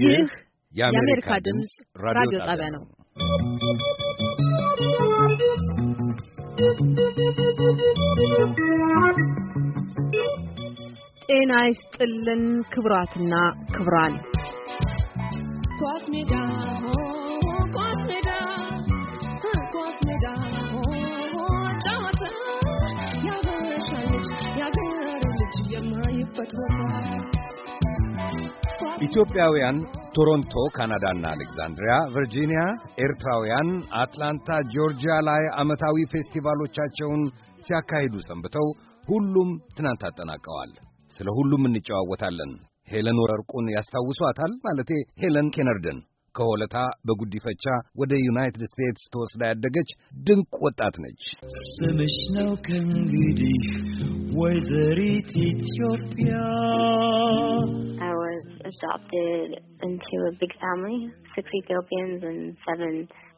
ይህ የአሜሪካ ድምፅ ራዲዮ ጣቢያ ነው። ጤና ይስጥልን ክቡራትና ክቡራን ኳስ ሜዳ ኢትዮጵያውያን ቶሮንቶ፣ ካናዳና አሌክዛንድሪያ፣ ቨርጂኒያ፣ ኤርትራውያን አትላንታ፣ ጆርጂያ ላይ ዓመታዊ ፌስቲቫሎቻቸውን ሲያካሂዱ ሰንብተው ሁሉም ትናንት አጠናቀዋል። ስለ ሁሉም እንጨዋወታለን። ሄለን ወርቁን ያስታውሷታል። ማለቴ ሄለን ኬነርደን ከሆለታ በጉዲፈቻ ወደ ዩናይትድ ስቴትስ ተወስዳ ያደገች ድንቅ ወጣት ነች። ስምሽ ነው ከእንግዲህ ወይዘሪት ኢትዮጵያ። adopted into a big family, six Ethiopians and seven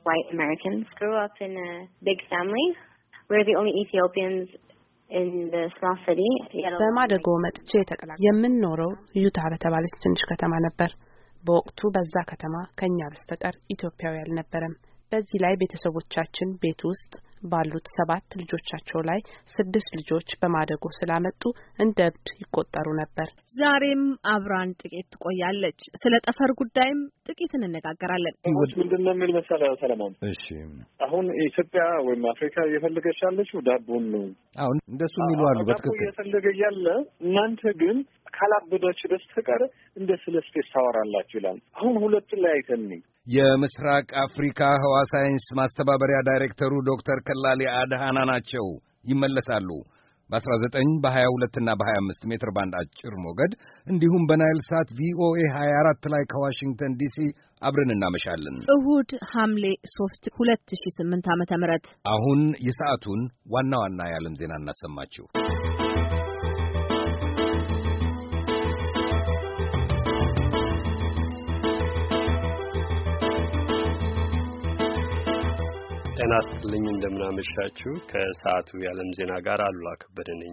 white Americans. Grew up in a big family. We're the only Ethiopians በማደጎ መጥቼ small የምንኖረው ዩታ በተባለች ትንሽ ከተማ ነበር። በወቅቱ በዛ ከተማ ከኛ በስተቀር ኢትዮጵያዊ አልነበረም። በዚህ ላይ ቤተሰቦቻችን ቤት ውስጥ ባሉት ሰባት ልጆቻቸው ላይ ስድስት ልጆች በማደጎ ስላመጡ እንደ እብድ ይቆጠሩ ነበር። ዛሬም አብራን ጥቂት ትቆያለች። ስለ ጠፈር ጉዳይም ጥቂት እንነጋገራለን። ምንድን ነው የሚል መሰለህ ሰለሞን? እሺ አሁን ኢትዮጵያ ወይም አፍሪካ እየፈለገች ያለችው ዳቦን ነው። አሁን እንደሱ የሚሉ አሉ። በትክክል እየፈለገ ያለ እናንተ ግን ካላበዳችሁ በስተቀር እንደ ስለ ስፔስ ታወራላችሁ ይላል። አሁን ሁለቱን ላይ አይተን የምስራቅ አፍሪካ ህዋ ሳይንስ ማስተባበሪያ ዳይሬክተሩ ዶክተር ተከላሌ አድሃና ናቸው። ይመለሳሉ በ19 በ22ና በ25 ሜትር ባንድ አጭር ሞገድ እንዲሁም በናይል ሳት ቪኦኤ 24 ላይ ከዋሽንግተን ዲሲ አብረን እናመሻለን። እሁድ ሐምሌ 3 2008 ዓ.ም። አሁን የሰዓቱን ዋና ዋና የዓለም ዜና እናሰማችሁ። ጤና ይስጥልኝ እንደምናመሻችሁ። ከሰዓቱ የዓለም ዜና ጋር አሉላ ከበደ ነኝ።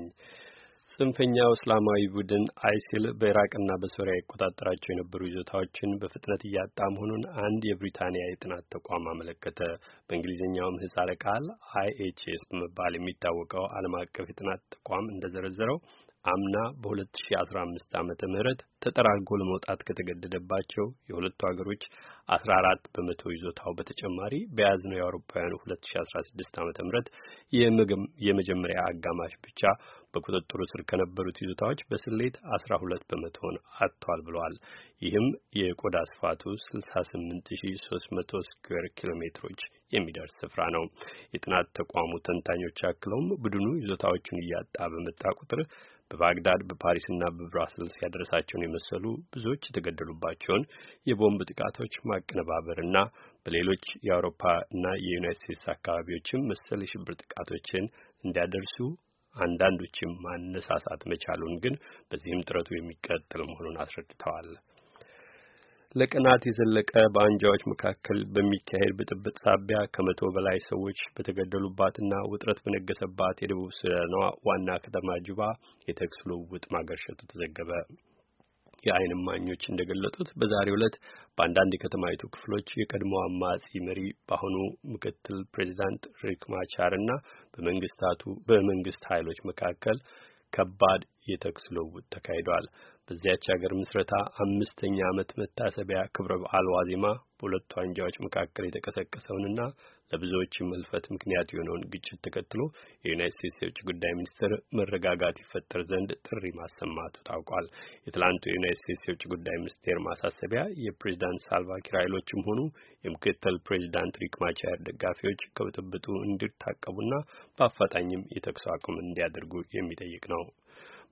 ጽንፈኛው እስላማዊ ቡድን አይሲል በኢራቅና በሶሪያ ይቆጣጠራቸው የነበሩ ይዞታዎችን በፍጥነት እያጣ መሆኑን አንድ የብሪታንያ የጥናት ተቋም አመለከተ። በእንግሊዝኛው ምህጻረ ቃል አይኤችኤስ በመባል የሚታወቀው ዓለም አቀፍ የጥናት ተቋም እንደዘረዘረው አምና በ2015 ዓመተ ምህረት ተጠራርጎ ለመውጣት ከተገደደባቸው የሁለቱ ሀገሮች 14 በመቶ ይዞታው በተጨማሪ በያዝነው የአውሮፓውያኑ 2016 ዓመተ ምህረት የመጀመሪያ አጋማሽ ብቻ በቁጥጥሩ ስር ከነበሩት ይዞታዎች በስሌት 12 በመቶውን አጥቷል ብለዋል። ይህም የቆዳ ስፋቱ 68300 ስኩዌር ኪሎ ሜትሮች የሚደርስ ስፍራ ነው። የጥናት ተቋሙ ተንታኞች አክለውም ቡድኑ ይዞታዎቹን እያጣ በመጣ ቁጥር በባግዳድ በፓሪስና በብራስልስ ያደረሳቸውን የመሰሉ ብዙዎች የተገደሉባቸውን የቦምብ ጥቃቶች ማቀነባበርና በሌሎች እና የዩናይት ስቴትስ አካባቢዎችም መሰል የሽብር ጥቃቶችን እንዲያደርሱ አንዳንዶችም ማነሳሳት መቻሉን ግን በዚህም ጥረቱ የሚቀጥል መሆኑን አስረድተዋል። ለቀናት የዘለቀ በአንጃዎች መካከል በሚካሄድ ብጥብጥ ሳቢያ ከመቶ በላይ ሰዎች በተገደሉባትና ውጥረት በነገሰባት የደቡብ ሱዳኗ ዋና ከተማ ጁባ የተኩስ ልውውጥ ማገርሸቱ ተዘገበ። የዓይን እማኞች እንደገለጡት በዛሬው ዕለት በአንዳንድ የከተማይቱ ክፍሎች የቀድሞ አማጺ መሪ በአሁኑ ምክትል ፕሬዚዳንት ሪክ ማቻርና በመንግስታቱ በመንግስት ኃይሎች መካከል ከባድ የተኩስ ልውውጥ ተካሂዷል። በዚያች ሀገር ምስረታ አምስተኛ ዓመት መታሰቢያ ክብረ በዓል ዋዜማ በሁለቱ አንጃዎች መካከል የተቀሰቀሰውንና ለብዙዎች መልፈት ምክንያት የሆነውን ግጭት ተከትሎ የዩናይት ስቴትስ የውጭ ጉዳይ ሚኒስትር መረጋጋት ይፈጠር ዘንድ ጥሪ ማሰማቱ ታውቋል። የትላንቱ የዩናይት ስቴትስ የውጭ ጉዳይ ሚኒስቴር ማሳሰቢያ የፕሬዚዳንት ሳልቫ ኪር ኃይሎችም ሆኑ የምክትል ፕሬዚዳንት ሪክ ማቻር ደጋፊዎች ከብጥብጡ እንዲታቀቡና በአፋጣኝም የተኩስ አቁም እንዲያደርጉ የሚጠይቅ ነው።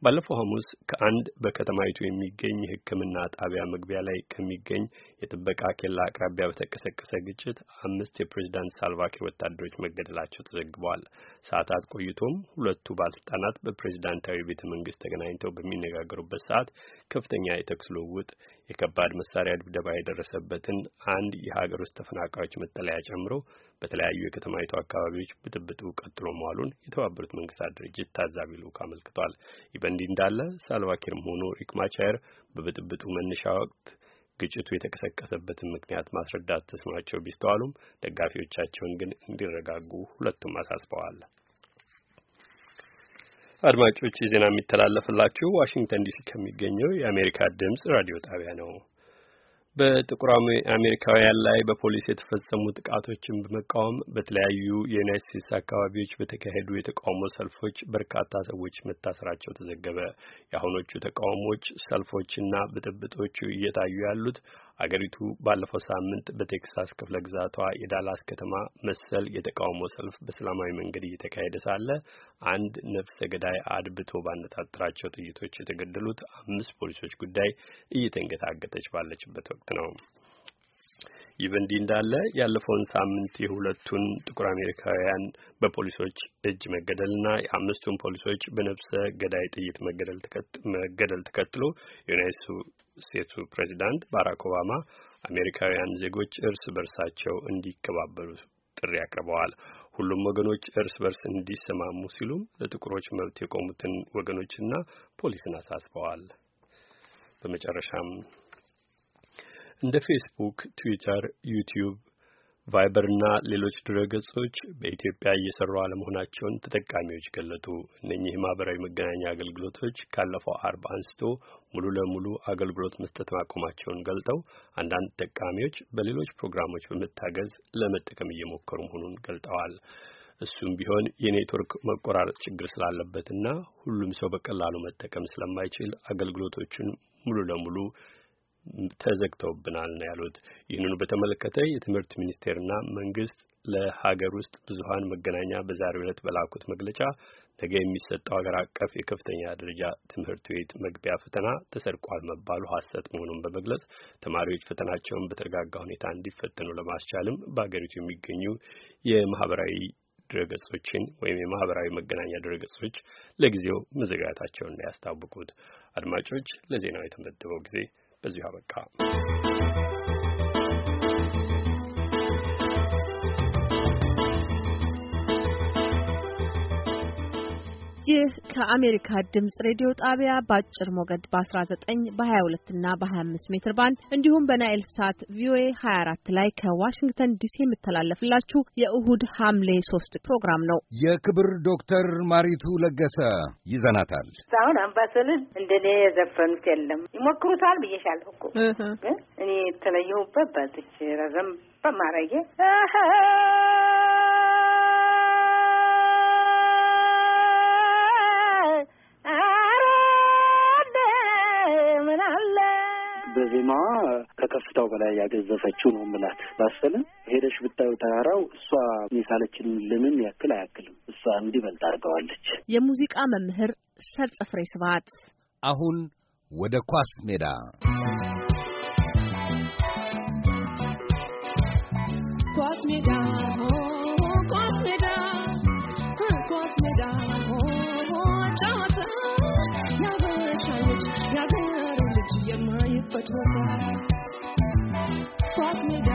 ባለፈው ሐሙስ ከአንድ በከተማይቱ የሚገኝ የሕክምና ጣቢያ መግቢያ ላይ ከሚገኝ የጥበቃ ኬላ አቅራቢያ በተቀሰቀሰ ግጭት አምስት የፕሬዚዳንት ሳልቫኪር ወታደሮች መገደላቸው ተዘግበዋል። ሰዓታት ቆይቶም ሁለቱ ባለስልጣናት በፕሬዚዳንታዊ ቤተ መንግስት ተገናኝተው በሚነጋገሩበት ሰዓት ከፍተኛ የተኩስ ልውውጥ፣ የከባድ መሳሪያ ድብደባ የደረሰበትን አንድ የሀገር ውስጥ ተፈናቃዮች መጠለያ ጨምሮ በተለያዩ የከተማይቱ አካባቢዎች ብጥብጡ ቀጥሎ መዋሉን የተባበሩት መንግስታት ድርጅት ታዛቢ ልዑክ አመልክቷል። ይህ በእንዲህ እንዳለ ሳልቫኪርም ሆኖ ሪክ ማቻየር በብጥብጡ መነሻ ወቅት ግጭቱ የተቀሰቀሰበትን ምክንያት ማስረዳት ተስኗቸው ቢስተዋሉም ደጋፊዎቻቸውን ግን እንዲረጋጉ ሁለቱም አሳስበዋል። አድማጮች ዜና የሚተላለፍላችሁ ዋሽንግተን ዲሲ ከሚገኘው የአሜሪካ ድምፅ ራዲዮ ጣቢያ ነው። በጥቁር አሜሪካውያን ላይ በፖሊስ የተፈጸሙ ጥቃቶችን በመቃወም በተለያዩ የዩናይት ስቴትስ አካባቢዎች በተካሄዱ የተቃውሞ ሰልፎች በርካታ ሰዎች መታሰራቸው ተዘገበ። የአሁኖቹ ተቃውሞዎች ሰልፎችና ብጥብጦቹ እየታዩ ያሉት አገሪቱ ባለፈው ሳምንት በቴክሳስ ክፍለ ግዛቷ የዳላስ ከተማ መሰል የተቃውሞ ሰልፍ በሰላማዊ መንገድ እየተካሄደ ሳለ አንድ ነፍሰ ገዳይ አድብቶ ባነጣጠራቸው ጥይቶች የተገደሉት አምስት ፖሊሶች ጉዳይ እየተንገታገተች ባለችበት ወቅት ነው። ይህ በእንዲህ እንዳለ ያለፈውን ሳምንት የሁለቱን ጥቁር አሜሪካውያን በፖሊሶች እጅ መገደልና የአምስቱን ፖሊሶች በነፍሰ ገዳይ ጥይት መገደል ተከትሎ የዩናይትስ ሴቱ ፕሬዚዳንት ባራክ ኦባማ አሜሪካውያን ዜጎች እርስ በርሳቸው እንዲከባበሩ ጥሪ አቅርበዋል። ሁሉም ወገኖች እርስ በርስ እንዲሰማሙ ሲሉም ለጥቁሮች መብት የቆሙትን ወገኖችና ፖሊስን አሳስበዋል። በመጨረሻም እንደ ፌስቡክ፣ ትዊተር፣ ዩቲዩብ ቫይበርና ሌሎች ድረገጾች በኢትዮጵያ እየሰሩ አለመሆናቸውን ተጠቃሚዎች ገለጡ። እነኚህ ማህበራዊ መገናኛ አገልግሎቶች ካለፈው አርብ አንስቶ ሙሉ ለሙሉ አገልግሎት መስጠት ማቆማቸውን ገልጠው አንዳንድ ተጠቃሚዎች በሌሎች ፕሮግራሞች በመታገዝ ለመጠቀም እየሞከሩ መሆኑን ገልጠዋል። እሱም ቢሆን የኔትወርክ መቆራረጥ ችግር ስላለበትና ሁሉም ሰው በቀላሉ መጠቀም ስለማይችል አገልግሎቶችን ሙሉ ለሙሉ ተዘግተውብናል ነው ያሉት። ይህንኑ በተመለከተ የትምህርት ሚኒስቴርና መንግስት ለሀገር ውስጥ ብዙሀን መገናኛ በዛሬው ዕለት በላኩት መግለጫ ነገ የሚሰጠው ሀገር አቀፍ የከፍተኛ ደረጃ ትምህርት ቤት መግቢያ ፈተና ተሰርቋል መባሉ ሀሰት መሆኑን በመግለጽ ተማሪዎች ፈተናቸውን በተረጋጋ ሁኔታ እንዲፈተኑ ለማስቻልም በሀገሪቱ የሚገኙ የማህበራዊ ድረገጾችን ወይም የማህበራዊ መገናኛ ድረገጾች ለጊዜው መዘጋታቸውን ነው ያስታወቁት። አድማጮች፣ ለዜናው የተመደበው ጊዜ በዚሁ አበቃ። ይህ ከአሜሪካ ድምጽ ሬዲዮ ጣቢያ በአጭር ሞገድ በ19 በ22 እና በ25 ሜትር ባንድ እንዲሁም በናይል ሳት ቪኦኤ 24 ላይ ከዋሽንግተን ዲሲ የምተላለፍላችሁ የእሁድ ሐምሌ ሶስት ፕሮግራም ነው። የክብር ዶክተር ማሪቱ ለገሰ ይዘናታል። አሁን አምባሰልን እንደኔ የዘፈኑት የለም። ይሞክሩታል ብዬሻለሁ እኮ እኔ የተለየሁበት በዚች ረዘም በማረጌ ዜማዋ ከከፍታው በላይ ያገዘፈችው ነው ምላት ባሰለ ሄደሽ ብታዩ ተራራው እሷ የሳለችን ልምን ያክል አያክልም። እሷ እንዲበልጥ አድርገዋለች። የሙዚቃ መምህር ሰርጸ ፍሬ ስብሐት አሁን ወደ ኳስ ሜዳ ኳስ ሜዳ Cross me down.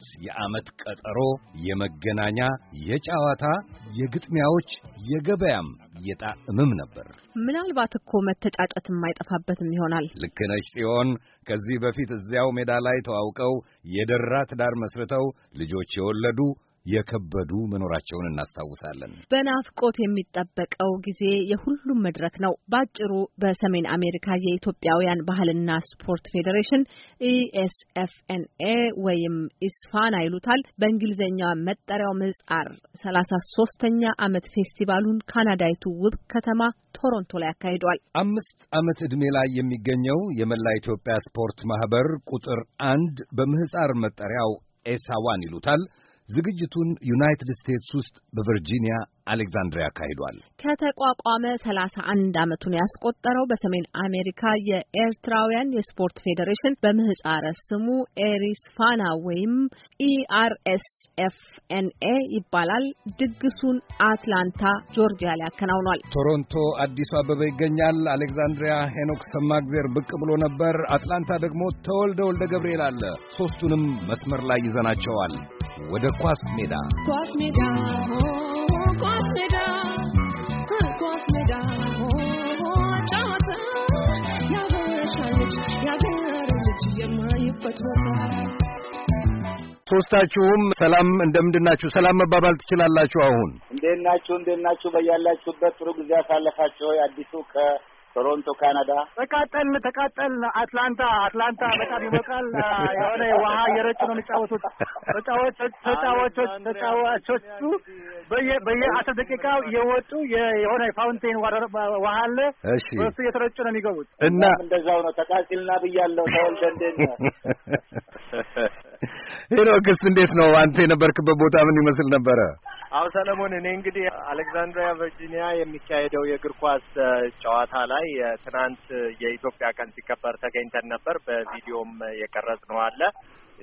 የዓመት ቀጠሮ፣ የመገናኛ፣ የጨዋታ፣ የግጥሚያዎች፣ የገበያም የጣዕምም ነበር። ምናልባት እኮ መተጫጨት የማይጠፋበትም ይሆናል። ልክ ነሽ ጽዮን። ከዚህ በፊት እዚያው ሜዳ ላይ ተዋውቀው የደራ ትዳር መስርተው ልጆች የወለዱ የከበዱ መኖራቸውን እናስታውሳለን። በናፍቆት የሚጠበቀው ጊዜ የሁሉም መድረክ ነው። ባጭሩ በሰሜን አሜሪካ የኢትዮጵያውያን ባህልና ስፖርት ፌዴሬሽን ኢኤስኤፍኤንኤ e ወይም ኢስፋን አይሉታል በእንግሊዝኛ መጠሪያው ምህጻር ሰላሳ ሶስተኛ ዓመት ፌስቲቫሉን ካናዳይቱ ውብ ከተማ ቶሮንቶ ላይ አካሂዷል። አምስት ዓመት ዕድሜ ላይ የሚገኘው የመላ ኢትዮጵያ ስፖርት ማህበር ቁጥር አንድ በምህጻር መጠሪያው ኤሳዋን e ይሉታል ዝግጅቱን ዩናይትድ ስቴትስ ውስጥ በቨርጂኒያ አሌክዛንድሪያ አካሂዷል። ከተቋቋመ ሰላሳ አንድ ዓመቱን ያስቆጠረው በሰሜን አሜሪካ የኤርትራውያን የስፖርት ፌዴሬሽን በምህፃረ ስሙ ኤሪስ ፋና ወይም ኢአርኤስኤፍኤንኤ ይባላል። ድግሱን አትላንታ ጆርጂያ ላይ አከናውኗል። ቶሮንቶ አዲሱ አበበ ይገኛል። አሌክዛንድሪያ ሄኖክ ሰማግዜር ብቅ ብሎ ነበር። አትላንታ ደግሞ ተወልደ ወልደ ገብርኤል አለ። ሦስቱንም መስመር ላይ ይዘናቸዋል ወደ ኳስ ሜዳ ኳስ ሜዳ ሶስታችሁም ሰላም እንደምንድናችሁ? ሰላም መባባል ትችላላችሁ። አሁን እንዴት ናችሁ? እንዴት ናችሁ? በያላችሁበት ጥሩ ጊዜ አሳለፋችሁ አዲሱ ከ ቶሮንቶ ካናዳ ተቃጠል ተቃጠል አትላንታ አትላንታ በጣም ይሞቃል። የሆነ ውሃ እየረጩ ነው የሚጫወቱት ተጫዋቾች ተጫዋቾች ተጫዋቾቹ በየ በየ አስር ደቂቃው እየወጡ የሆነ ፋውንቴን ውሃ አለ። እሺ በሱ እየተረጩ ነው የሚገቡት እና እንደዛው ነው። ተቃጭልና ብያለሁ። ተወልደ እንዴት ነው ሄኖክስ? እንዴት ነው አንተ የነበርክበት ቦታ ምን ይመስል ነበረ? አዎ ሰለሞን፣ እኔ እንግዲህ አሌክዛንድሪያ ቨርጂኒያ የሚካሄደው የእግር ኳስ ጨዋታ ላይ ላይ ትናንት የኢትዮጵያ ቀን ሲከበር ተገኝተን ነበር። በቪዲዮም የቀረጽ ነው አለ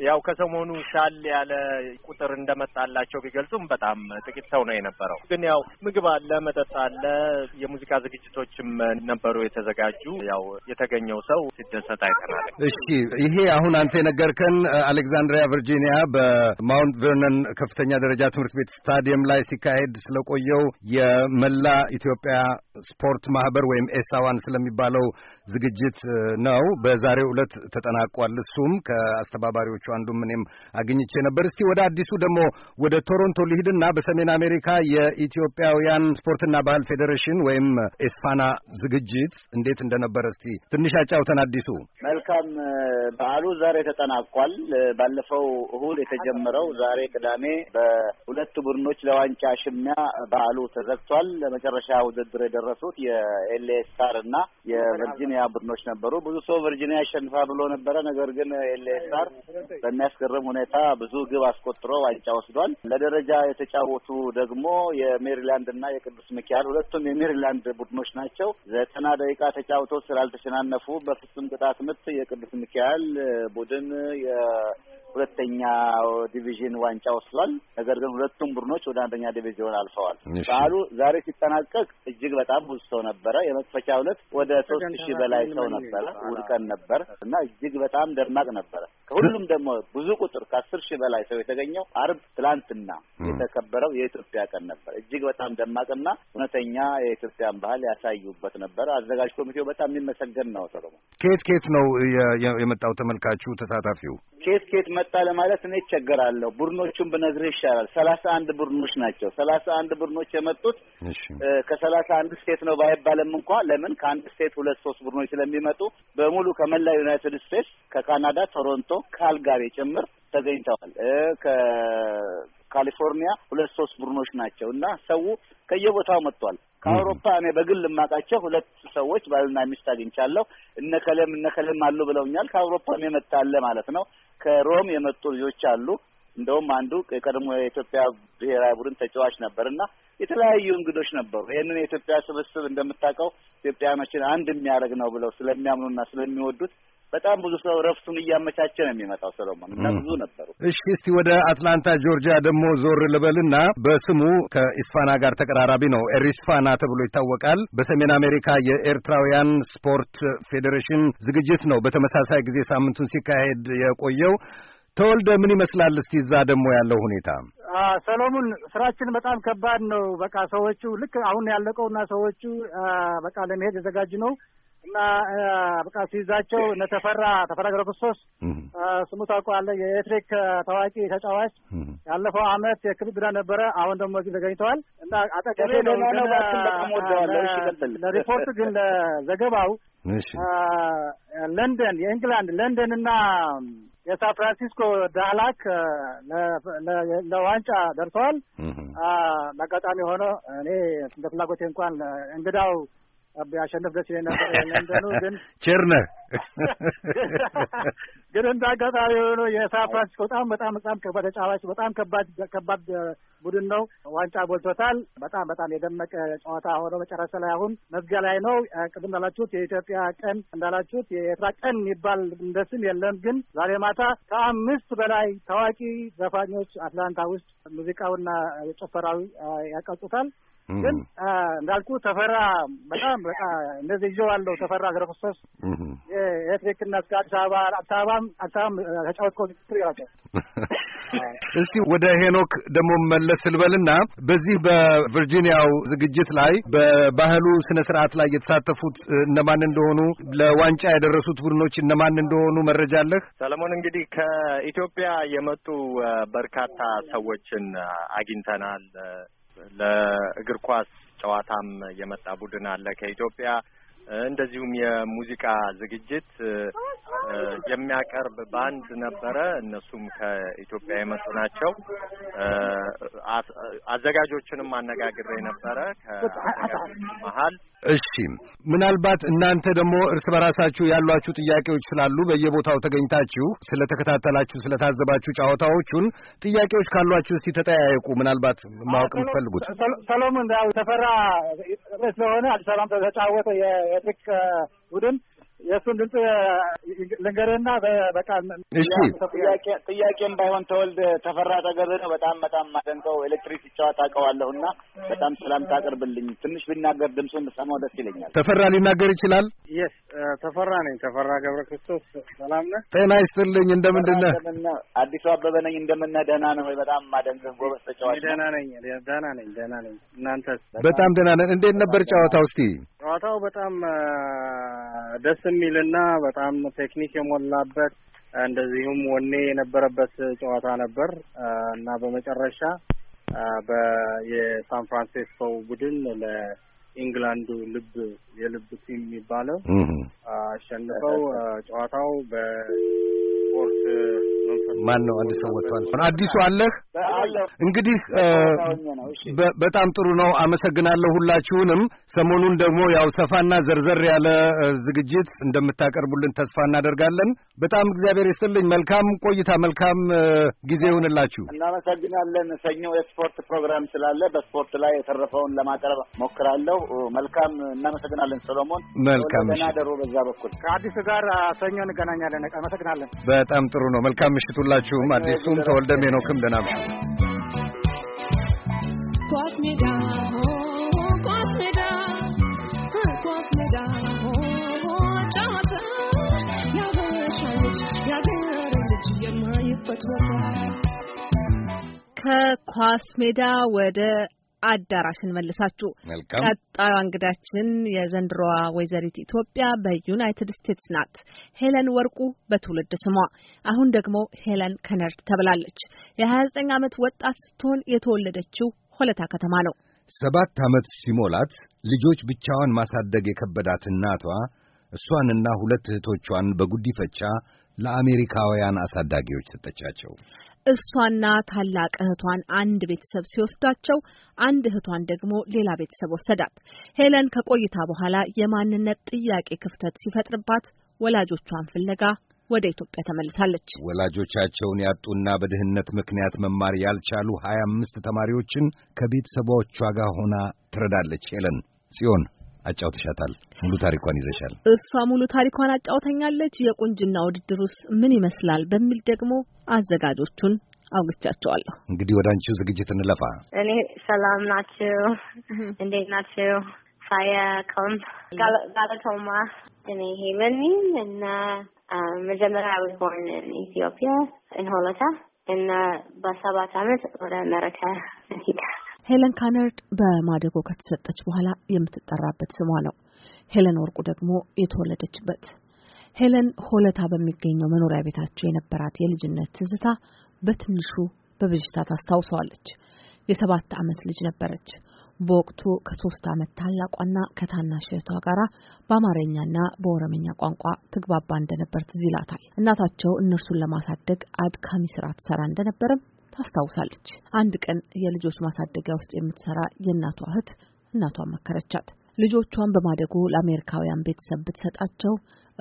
ያው ከሰሞኑ ሻል ያለ ቁጥር እንደመጣላቸው ቢገልጹም በጣም ጥቂት ሰው ነው የነበረው። ግን ያው ምግብ አለ፣ መጠጥ አለ፣ የሙዚቃ ዝግጅቶችም ነበሩ የተዘጋጁ። ያው የተገኘው ሰው ሲደሰት አይተናል። እሺ፣ ይሄ አሁን አንተ የነገርከን አሌክዛንድሪያ ቨርጂኒያ በማውንት ቨርነን ከፍተኛ ደረጃ ትምህርት ቤት ስታዲየም ላይ ሲካሄድ ስለቆየው የመላ ኢትዮጵያ ስፖርት ማህበር ወይም ኤሳዋን ስለሚባለው ዝግጅት ነው። በዛሬው ዕለት ተጠናቋል። እሱም ከአስተባባሪዎቹ ናቸው። አንዱም እኔም አግኝቼ ነበር። እስቲ ወደ አዲሱ ደግሞ ወደ ቶሮንቶ ሊሂድና በሰሜን አሜሪካ የኢትዮጵያውያን ስፖርትና ባህል ፌዴሬሽን ወይም ኤስፋና ዝግጅት እንዴት እንደነበረ እስቲ ትንሽ አጫውተን። አዲሱ መልካም። በዓሉ ዛሬ ተጠናቋል። ባለፈው እሁድ የተጀመረው ዛሬ ቅዳሜ በሁለቱ ቡድኖች ለዋንጫ ሽሚያ በዓሉ ተዘግቷል። ለመጨረሻ ውድድር የደረሱት የኤልኤ ስታር እና የቨርጂኒያ ቡድኖች ነበሩ። ብዙ ሰው ቨርጂኒያ አሸንፋ ብሎ ነበረ። ነገር ግን ኤልኤ ስታር በሚያስገርም ሁኔታ ብዙ ግብ አስቆጥሮ ዋንጫ ወስዷል። ለደረጃ የተጫወቱ ደግሞ የሜሪላንድ እና የቅዱስ ሚካኤል ሁለቱም የሜሪላንድ ቡድኖች ናቸው። ዘጠና ደቂቃ ተጫውተው ስላልተሸናነፉ በፍጹም ቅጣት ምት የቅዱስ ሚካኤል ቡድን ሁለተኛ ዲቪዥን ዋንጫ ወስዷል። ነገር ግን ሁለቱም ቡድኖች ወደ አንደኛ ዲቪዥን አልፈዋል። በዓሉ ዛሬ ሲጠናቀቅ እጅግ በጣም ብዙ ሰው ነበረ። የመክፈቻ ዕለት ወደ ሶስት ሺህ በላይ ሰው ነበረ። ውድቀን ነበር እና እጅግ በጣም ደማቅ ነበረ። ከሁሉም ብዙ ቁጥር ከአስር ሺህ በላይ ሰው የተገኘው አርብ ትላንትና የተከበረው የኢትዮጵያ ቀን ነበር። እጅግ በጣም ደማቅና እውነተኛ የኢትዮጵያን ባህል ያሳዩበት ነበር። አዘጋጅ ኮሚቴው በጣም የሚመሰገን ነው። ሰለሞን፣ ኬት ኬት ነው የመጣው ተመልካቹ ተሳታፊው? ኬት ኬት መጣ ለማለት እኔ ይቸገራለሁ። ቡድኖቹን ብነግርህ ይሻላል። ሰላሳ አንድ ቡድኖች ናቸው። ሰላሳ አንድ ቡድኖች የመጡት ከሰላሳ አንድ ስቴት ነው ባይባልም እንኳ ለምን ከአንድ ስቴት ሁለት ሶስት ቡድኖች ስለሚመጡ በሙሉ ከመላ ዩናይትድ ስቴትስ፣ ከካናዳ ቶሮንቶ፣ ካልጋ ዘጋቢ ጭምር ተገኝተዋል። ከካሊፎርኒያ ሁለት ሶስት ቡድኖች ናቸው እና ሰው ከየቦታው መጥቷል። ከአውሮፓ እኔ በግል ልማቃቸው ሁለት ሰዎች ባልና ሚስት አግኝቻለሁ። እነከለም እነከለም አሉ ብለውኛል። ከአውሮፓም የመጣለ ማለት ነው። ከሮም የመጡ ልጆች አሉ። እንደውም አንዱ የቀድሞ የኢትዮጵያ ብሔራዊ ቡድን ተጫዋች ነበር እና የተለያዩ እንግዶች ነበሩ። ይህንን የኢትዮጵያ ስብስብ እንደምታውቀው ኢትዮጵያኖችን አንድ የሚያደርግ ነው ብለው ስለሚያምኑና ስለሚወዱት በጣም ብዙ ሰው ረፍቱን እያመቻቸ ነው የሚመጣው ሰሎሞን እና ብዙ ነበሩ። እሺ እስቲ ወደ አትላንታ ጆርጂያ ደግሞ ዞር ልበልና በስሙ ከኢስፋና ጋር ተቀራራቢ ነው። ኤሪስፋና ተብሎ ይታወቃል። በሰሜን አሜሪካ የኤርትራውያን ስፖርት ፌዴሬሽን ዝግጅት ነው በተመሳሳይ ጊዜ ሳምንቱን ሲካሄድ የቆየው። ተወልደ ምን ይመስላል እስቲ እዛ ደግሞ ያለው ሁኔታ? ሰሎሞን ስራችን በጣም ከባድ ነው። በቃ ሰዎቹ ልክ አሁን ያለቀውና ሰዎቹ በቃ ለመሄድ የዘጋጅ ነው እና በቃ ሲይዛቸው እነ ተፈራ ተፈራ ገብረክርስቶስ ስሙ ታውቀዋለህ፣ የኤሌክትሪክ ታዋቂ ተጫዋች ያለፈው አመት የክብር ግዳ ነበረ። አሁን ደግሞ እዚህ ተገኝተዋል እና አጠገቤ ለሪፖርት ግን ለዘገባው ለንደን የእንግላንድ ለንደን እና የሳን ፍራንሲስኮ ዳህላክ ለዋንጫ ደርሰዋል። በአጋጣሚ ሆኖ እኔ እንደ ፍላጎቴ እንኳን እንግዳው ቢያሸንፍ ደስ ይለኝ ነበር። ለንደኑ ግን ቸርነ ግን እንደ አጋጣሚ የሆኑ የሳን ፍራንሲስኮ በጣም በጣም በጣም ከባድ በጣም ከባድ ከባድ ቡድን ነው። ዋንጫ ቦልቶታል። በጣም በጣም የደመቀ ጨዋታ ሆኖ መጨረሻ ላይ አሁን መዝጊያ ላይ ነው። ቅድም እንዳላችሁት የኢትዮጵያ ቀን እንዳላችሁት የኤርትራ ቀን የሚባል እንደ ስም የለም። ግን ዛሬ ማታ ከአምስት በላይ ታዋቂ ዘፋኞች አትላንታ ውስጥ ሙዚቃውና ጭፈራዊ ያቀልጡታል። ግን እንዳልኩ ተፈራ በጣም በቃ እንደዚህ ይዞ አለው ተፈራ ገብረክርስቶስ የትቤክና እስከ አዲስ አበባ አዲስ አበባም አዲስ አበባም ተጫወትኮ ትር ይላቸው። እስቲ ወደ ሄኖክ ደግሞ መለስ ስልበልና በዚህ በቨርጂኒያው ዝግጅት ላይ በባህሉ ስነ ስርዓት ላይ የተሳተፉት እነማን እንደሆኑ ለዋንጫ የደረሱት ቡድኖች እነማን እንደሆኑ መረጃ አለህ ሰለሞን? እንግዲህ ከኢትዮጵያ የመጡ በርካታ ሰዎችን አግኝተናል። ለእግር ኳስ ጨዋታም የመጣ ቡድን አለ ከኢትዮጵያ። እንደዚሁም የሙዚቃ ዝግጅት የሚያቀርብ ባንድ ነበረ። እነሱም ከኢትዮጵያ የመጡ ናቸው። አዘጋጆችንም አነጋግሬ ነበረ። ከአዘጋጆች መሀል እሺ ምናልባት እናንተ ደግሞ እርስ በራሳችሁ ያሏችሁ ጥያቄዎች ስላሉ በየቦታው ተገኝታችሁ ስለተከታተላችሁ፣ ስለታዘባችሁ ጨዋታዎቹን ጥያቄዎች ካሏችሁ እስቲ ተጠያየቁ። ምናልባት ማወቅ የምትፈልጉት ሰሎሞን ተፈራ ስለሆነ አዲስ አበባም ተጫወተ የኤሌክትሪክ ቡድን የእሱን ድምፅ ልንገርህና በቃ ጥያቄም ባይሆን ተወልድ ተፈራ ተገር በጣም በጣም ማደንቀው ኤሌክትሪክ ሲጫወት አውቀዋለሁ እና በጣም ሰላም አቅርብልኝ። ትንሽ ቢናገር ድምፁን ብሰማው ደስ ይለኛል። ተፈራ ሊናገር ይችላል። የስ ተፈራ ነኝ። ተፈራ ገብረ ክርስቶስ ሰላም ነህ? ጤና ይስጥልኝ። እንደምንድን ነህ? አዲሱ አበበ ነኝ። እንደምነህ? ደህና ነህ ወይ? በጣም ማደንቀህ ጎበዝ ተጫዋች። ደህና ነኝ፣ ደህና ነኝ፣ ደህና ነኝ። እናንተስ? በጣም ደህና ነን። እንዴት ነበር ጨዋታው? እስቲ ጨዋታው በጣም ደስ የሚልና በጣም ቴክኒክ የሞላበት እንደዚሁም ወኔ የነበረበት ጨዋታ ነበር እና በመጨረሻ የሳን ፍራንሲስኮ ቡድን ኢንግላንዱ ልብ የልብ ቲም የሚባለው አሸንፈው ጨዋታው በስፖርት ማን ነው? አንድ ሰው ወጥቷል። አዲሱ አለህ? እንግዲህ በጣም ጥሩ ነው። አመሰግናለሁ ሁላችሁንም። ሰሞኑን ደግሞ ያው ሰፋና ዘርዘር ያለ ዝግጅት እንደምታቀርቡልን ተስፋ እናደርጋለን። በጣም እግዚአብሔር ይስጥልኝ። መልካም ቆይታ፣ መልካም ጊዜ ይሁንላችሁ። እናመሰግናለን። ሰኞ የስፖርት ፕሮግራም ስላለ በስፖርት ላይ የተረፈውን ለማቅረብ ሞክራለሁ። መልካም። እናመሰግናለን ሰሎሞን። መልካም ደህና ደሩ። በዛ በኩል ከአዲሱ ጋር ሰኞ እንገናኛለን። አመሰግናለን። በጣም ጥሩ ነው። መልካም ምሽት ሁላችሁም። አዲሱም ተወልደ ሜኖክም ደህና ምሽት። ከኳስ ሜዳ ወደ አዳራሽን መልሳችሁ። ቀጣዩ እንግዳችን የዘንድሮዋ ወይዘሪት ኢትዮጵያ በዩናይትድ ስቴትስ ናት። ሄለን ወርቁ በትውልድ ስሟ፣ አሁን ደግሞ ሄለን ከነርድ ተብላለች። የ29 ዓመት ወጣት ስትሆን የተወለደችው ሆለታ ከተማ ነው። ሰባት ዓመት ሲሞላት ልጆች ብቻዋን ማሳደግ የከበዳት እናቷ እሷንና ሁለት እህቶቿን በጉዲፈቻ ለአሜሪካውያን አሳዳጊዎች ሰጠቻቸው። እሷና ታላቅ እህቷን አንድ ቤተሰብ ሲወስዷቸው አንድ እህቷን ደግሞ ሌላ ቤተሰብ ወሰዳት። ሄለን ከቆይታ በኋላ የማንነት ጥያቄ ክፍተት ሲፈጥርባት ወላጆቿን ፍለጋ ወደ ኢትዮጵያ ተመልሳለች። ወላጆቻቸውን ያጡና በድህነት ምክንያት መማር ያልቻሉ ሀያ አምስት ተማሪዎችን ከቤተሰቦቿ ጋር ሆና ትረዳለች። ሄለን ጽዮን አጫውተሻታል። ሙሉ ታሪኳን ይዘሻል። እሷ ሙሉ ታሪኳን አጫውተኛለች። የቁንጅና ውድድሩስ ምን ይመስላል በሚል ደግሞ አዘጋጆቹን አውግቻቸዋለሁ። እንግዲህ ወደ አንቺው ዝግጅት እንለፋ። እኔ ሰላም ናችሁ? እንዴት ናችሁ? ሳያከም ጋለቶማ እኔ ሄመኒ እና መጀመሪያ ቢሆን ኢትዮጵያ እንሆለታ እና በሰባት አመት ወደ አሜሪካ ሄዳ ሄለን ካነርድ በማደጎ ከተሰጠች በኋላ የምትጠራበት ስሟ ነው። ሄለን ወርቁ ደግሞ የተወለደችበት። ሄለን ሆለታ በሚገኘው መኖሪያ ቤታቸው የነበራት የልጅነት ትዝታ በትንሹ በብዥታ ታስታውሰዋለች። የሰባት ዓመት ልጅ ነበረች። በወቅቱ ከሶስት ዓመት ታላቋና ከታናሽ እህቷ ጋር በአማርኛና በኦሮምኛ ቋንቋ ትግባባ እንደነበር ትዝ ይላታል። እናታቸው እነርሱን ለማሳደግ አድካሚ ስራ ትሰራ እንደነበርም። ታስታውሳለች። አንድ ቀን የልጆች ማሳደጊያ ውስጥ የምትሰራ የእናቷ እህት እናቷን መከረቻት። ልጆቿን በማደጎ ለአሜሪካውያን ቤተሰብ ብትሰጣቸው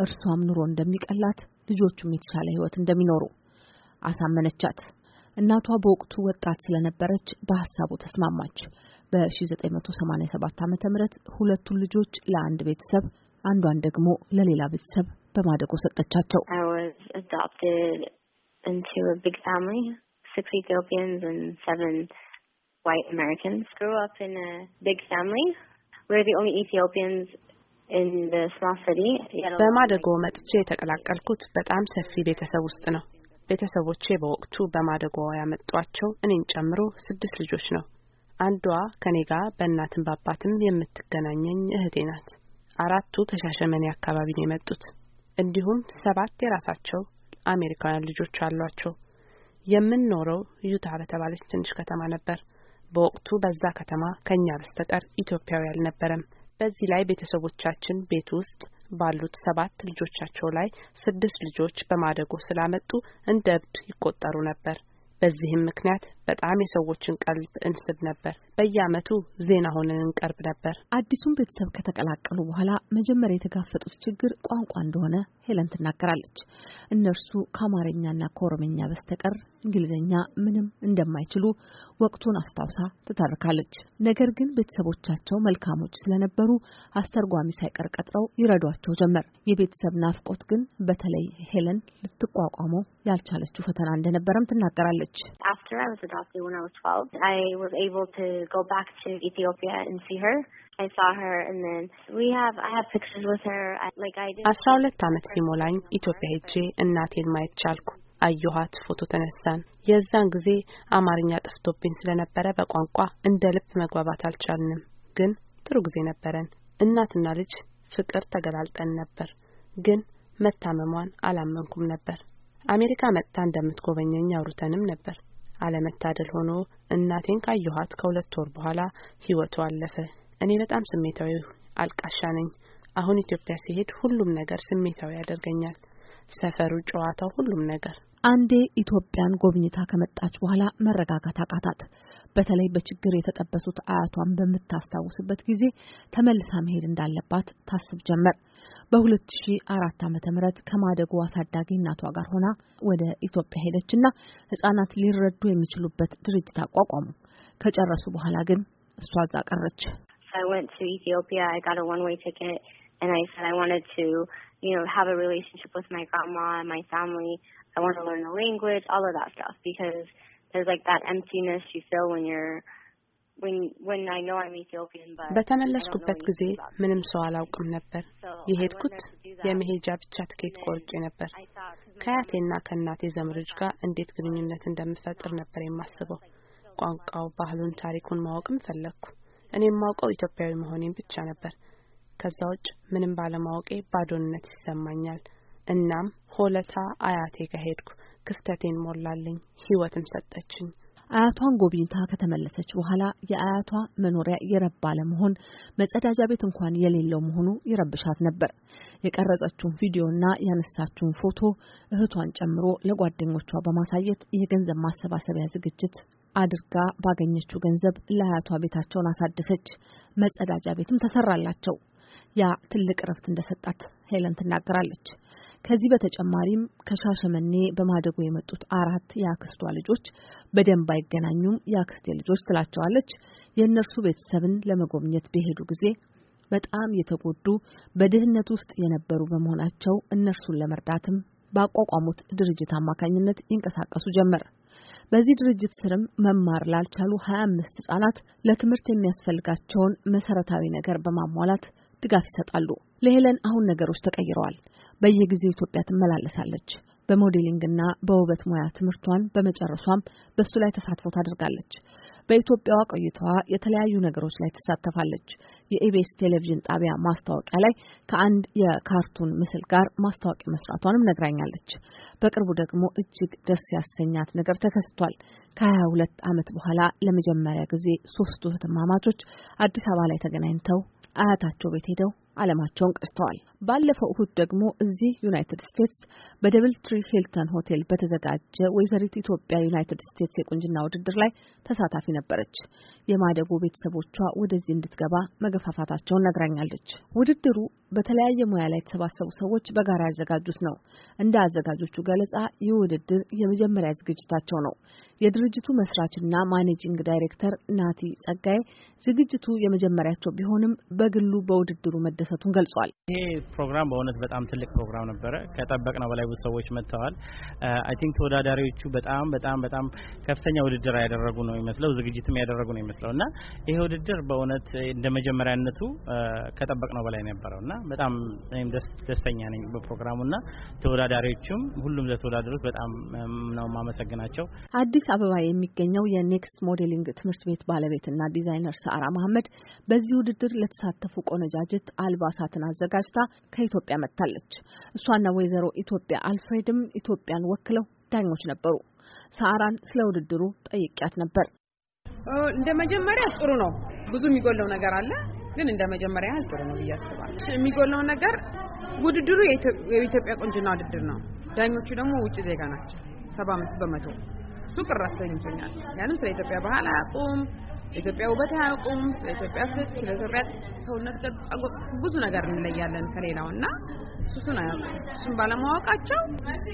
እርሷም ኑሮ እንደሚቀላት ልጆቹም የተሻለ ህይወት እንደሚኖሩ አሳመነቻት። እናቷ በወቅቱ ወጣት ስለነበረች በሀሳቡ ተስማማች። በ1987 ዓ ም ሁለቱን ልጆች ለአንድ ቤተሰብ አንዷን ደግሞ ለሌላ ቤተሰብ በማደጎ ሰጠቻቸው። six Ethiopians and seven white Americans. Grew up in a big family. We're the only Ethiopians in the small city. በማደጎ መጥቼ የተቀላቀልኩት በጣም ሰፊ ቤተሰብ ውስጥ ነው። ቤተሰቦቼ በወቅቱ በማደጎ ያመጧቸው እኔን ጨምሮ ስድስት ልጆች ነው። አንዷ ከኔ ጋር በእናትም በአባትም የምትገናኘኝ እህቴ ናት። አራቱ ከሻሸመኔ አካባቢ ነው የመጡት። እንዲሁም ሰባት የራሳቸው አሜሪካውያን ልጆች አሏቸው። የምንኖረው ዩታ በተባለች ትንሽ ከተማ ነበር። በወቅቱ በዛ ከተማ ከኛ በስተቀር ኢትዮጵያዊ አልነበረም። በዚህ ላይ ቤተሰቦቻችን ቤት ውስጥ ባሉት ሰባት ልጆቻቸው ላይ ስድስት ልጆች በማደጎ ስላመጡ እንደ እብድ ይቆጠሩ ነበር። በዚህም ምክንያት በጣም የሰዎችን ቀልብ እንስብ ነበር። በየዓመቱ ዜና ሆነን እንቀርብ ነበር። አዲሱን ቤተሰብ ከተቀላቀሉ በኋላ መጀመሪያ የተጋፈጡት ችግር ቋንቋ እንደሆነ ሄለን ትናገራለች። እነርሱ ከአማርኛና ከኦሮምኛ በስተቀር እንግሊዝኛ ምንም እንደማይችሉ ወቅቱን አስታውሳ ትተርካለች። ነገር ግን ቤተሰቦቻቸው መልካሞች ስለነበሩ አስተርጓሚ ሳይቀር ቀጥረው ይረዷቸው ጀመር። የቤተሰብ ናፍቆት ግን በተለይ ሄለን ልትቋቋመው ያልቻለችው ፈተና እንደነበረም ትናገራለች። after when I was 12. I was able to go back to Ethiopia and see her. I saw her and then we have I have pictures with her. I, like I did. 12 ዓመት ሲሞላኝ ኢትዮጵያ ሄጄ እናቴን ማየት ቻልኩ። አየኋት፣ ፎቶ ተነሳን። የዛን ጊዜ አማርኛ ጠፍቶብኝ ስለነበረ በቋንቋ እንደ ልብ መግባባት አልቻልንም፣ ግን ጥሩ ጊዜ ነበረን። እናትና ልጅ ፍቅር ተገላልጠን ነበር፣ ግን መታመሟን አላመንኩም ነበር። አሜሪካ መጥታ እንደምትጎበኘኝ አውርተንም ነበር። አለመታደል ሆኖ እናቴን ካየኋት ከሁለት ወር በኋላ ህይወቱ አለፈ። እኔ በጣም ስሜታዊ አልቃሻ ነኝ። አሁን ኢትዮጵያ ሲሄድ ሁሉም ነገር ስሜታዊ ያደርገኛል። ሰፈሩ፣ ጨዋታው፣ ሁሉም ነገር። አንዴ ኢትዮጵያን ጎብኝታ ከመጣች በኋላ መረጋጋት አቃታት። በተለይ በችግር የተጠበሱት አያቷን በምታስታውስበት ጊዜ ተመልሳ መሄድ እንዳለባት ታስብ ጀመር። በ2004 ዓ ም ከማደጎ አሳዳጊ እናቷ ጋር ሆና ወደ ኢትዮጵያ ሄደች እና ህጻናት ሊረዱ የሚችሉበት ድርጅት አቋቋሙ። ከጨረሱ በኋላ ግን እሷ እዛ በተመለስኩበት ጊዜ ምንም ሰው አላውቅም ነበር። የሄድኩት የመሄጃ ብቻ ትኬት ቆርጬ ነበር። hmm, ከአያቴና ከእናቴ ዘመዶች ጋር እንዴት ግንኙነት እንደምፈጥር ነበር የማስበው። ቋንቋው፣ ባህሉን፣ ታሪኩን ማወቅም ፈለግኩ። እኔ የማውቀው ኢትዮጵያዊ መሆኔን ብቻ ነበር። ከዛ ውጭ ምንም ባለማወቄ ባዶነት ይሰማኛል። እናም ሆለታ አያቴ ጋር ሄድኩ። ክፍተቴን ሞላልኝ፣ ህይወትም ሰጠችኝ። አያቷን ጎብኝታ ከተመለሰች በኋላ የአያቷ መኖሪያ የረባ ለመሆን መጸዳጃ ቤት እንኳን የሌለው መሆኑ ይረብሻት ነበር። የቀረጸችውን ቪዲዮና ያነሳችውን ፎቶ እህቷን ጨምሮ ለጓደኞቿ በማሳየት የገንዘብ ማሰባሰቢያ ዝግጅት አድርጋ ባገኘችው ገንዘብ ለአያቷ ቤታቸውን አሳደሰች። መጸዳጃ ቤትም ተሰራላቸው። ያ ትልቅ እረፍት እንደሰጣት ሄለን ትናገራለች። ከዚህ በተጨማሪም ከሻሸመኔ በማደጎ የመጡት አራት የአክስቷ ልጆች በደንብ አይገናኙም፣ የአክስቴ ልጆች ትላቸዋለች። የእነርሱ ቤተሰብን ለመጎብኘት በሄዱ ጊዜ በጣም የተጎዱ በድህነት ውስጥ የነበሩ በመሆናቸው እነርሱን ለመርዳትም ባቋቋሙት ድርጅት አማካኝነት ይንቀሳቀሱ ጀመር። በዚህ ድርጅት ስርም መማር ላልቻሉ 25 ህጻናት ለትምህርት የሚያስፈልጋቸውን መሰረታዊ ነገር በማሟላት ድጋፍ ይሰጣሉ። ለሄለን አሁን ነገሮች ተቀይረዋል። በየጊዜው ኢትዮጵያ ትመላለሳለች። በሞዴሊንግና በውበት ሙያ ትምህርቷን በመጨረሷም በእሱ ላይ ተሳትፎ ታደርጋለች። በኢትዮጵያዋ ቆይታዋ የተለያዩ ነገሮች ላይ ትሳተፋለች። የኢቢኤስ ቴሌቪዥን ጣቢያ ማስታወቂያ ላይ ከአንድ የካርቱን ምስል ጋር ማስታወቂያ መስራቷንም ነግራኛለች። በቅርቡ ደግሞ እጅግ ደስ ያሰኛት ነገር ተከስቷል። ከሀያ ሁለት ዓመት በኋላ ለመጀመሪያ ጊዜ ሶስቱ እህትማማቾች አዲስ አበባ ላይ ተገናኝተው አያታቸው ቤት ሄደው ዓለማቸውን ቀጭተዋል። ባለፈው እሁድ ደግሞ እዚህ ዩናይትድ ስቴትስ በደብል ትሪ ሂልተን ሆቴል በተዘጋጀ ወይዘሪት ኢትዮጵያ ዩናይትድ ስቴትስ የቁንጅና ውድድር ላይ ተሳታፊ ነበረች። የማደጎ ቤተሰቦቿ ወደዚህ እንድትገባ መገፋፋታቸውን ነግራኛለች። ውድድሩ በተለያየ ሙያ ላይ የተሰባሰቡ ሰዎች በጋራ ያዘጋጁት ነው። እንደ አዘጋጆቹ ገለጻ ይህ ውድድር የመጀመሪያ ዝግጅታቸው ነው። የድርጅቱ መስራችና ማኔጂንግ ዳይሬክተር ናቲ ጸጋይ ዝግጅቱ የመጀመሪያቸው ቢሆንም በግሉ በውድድሩ መደሰቱን ገልጿል። ፕሮግራም በእውነት በጣም ትልቅ ፕሮግራም ነበረ። ከጠበቅነው በላይ ብዙ ሰዎች መጥተዋል። አይ ቲንክ ተወዳዳሪዎቹ በጣም በጣም በጣም ከፍተኛ ውድድር ያደረጉ ነው ይመስለው ዝግጅትም ያደረጉ ነው ይመስለው እና ይሄ ውድድር በእውነት እንደ መጀመሪያነቱ ከጠበቅነው በላይ ነበረው እና በጣም እኔም ደስተኛ ነኝ በፕሮግራሙ እና ተወዳዳሪዎቹም ሁሉም ለተወዳደሩት በጣም ነው የማመሰግናቸው። አዲስ አበባ የሚገኘው የኔክስት ሞዴሊንግ ትምህርት ቤት ባለቤትና ዲዛይነር ሰአራ መሀመድ በዚህ ውድድር ለተሳተፉ ቆነጃጅት አልባሳትን አዘጋጅታ ከኢትዮጵያ መጥታለች። እሷና ወይዘሮ ኢትዮጵያ አልፍሬድም ኢትዮጵያን ወክለው ዳኞች ነበሩ። ሳራን ስለ ውድድሩ ጠይቂያት ነበር። እንደ መጀመሪያ ጥሩ ነው። ብዙ የሚጎለው ነገር አለ፣ ግን እንደ መጀመሪያ ያህል ጥሩ ነው ብዬ አስባለሁ። የሚጎለው ነገር ውድድሩ የኢትዮጵያ ቁንጅና ውድድር ነው። ዳኞቹ ደግሞ ውጭ ዜጋ ናቸው፣ ሰባ አምስት በመቶ እሱ ቅር አሰኝቶኛል። ያንም ስለ ኢትዮጵያ ባህል አያውቁም፣ የኢትዮጵያ ውበት አያውቁም። ስለ ኢትዮጵያ ፍት፣ ስለ ኢትዮጵያ ሰውነት ብዙ ነገር እንለያለን ከሌላው እና እሱን አያውቁም። እሱን ባለማወቃቸው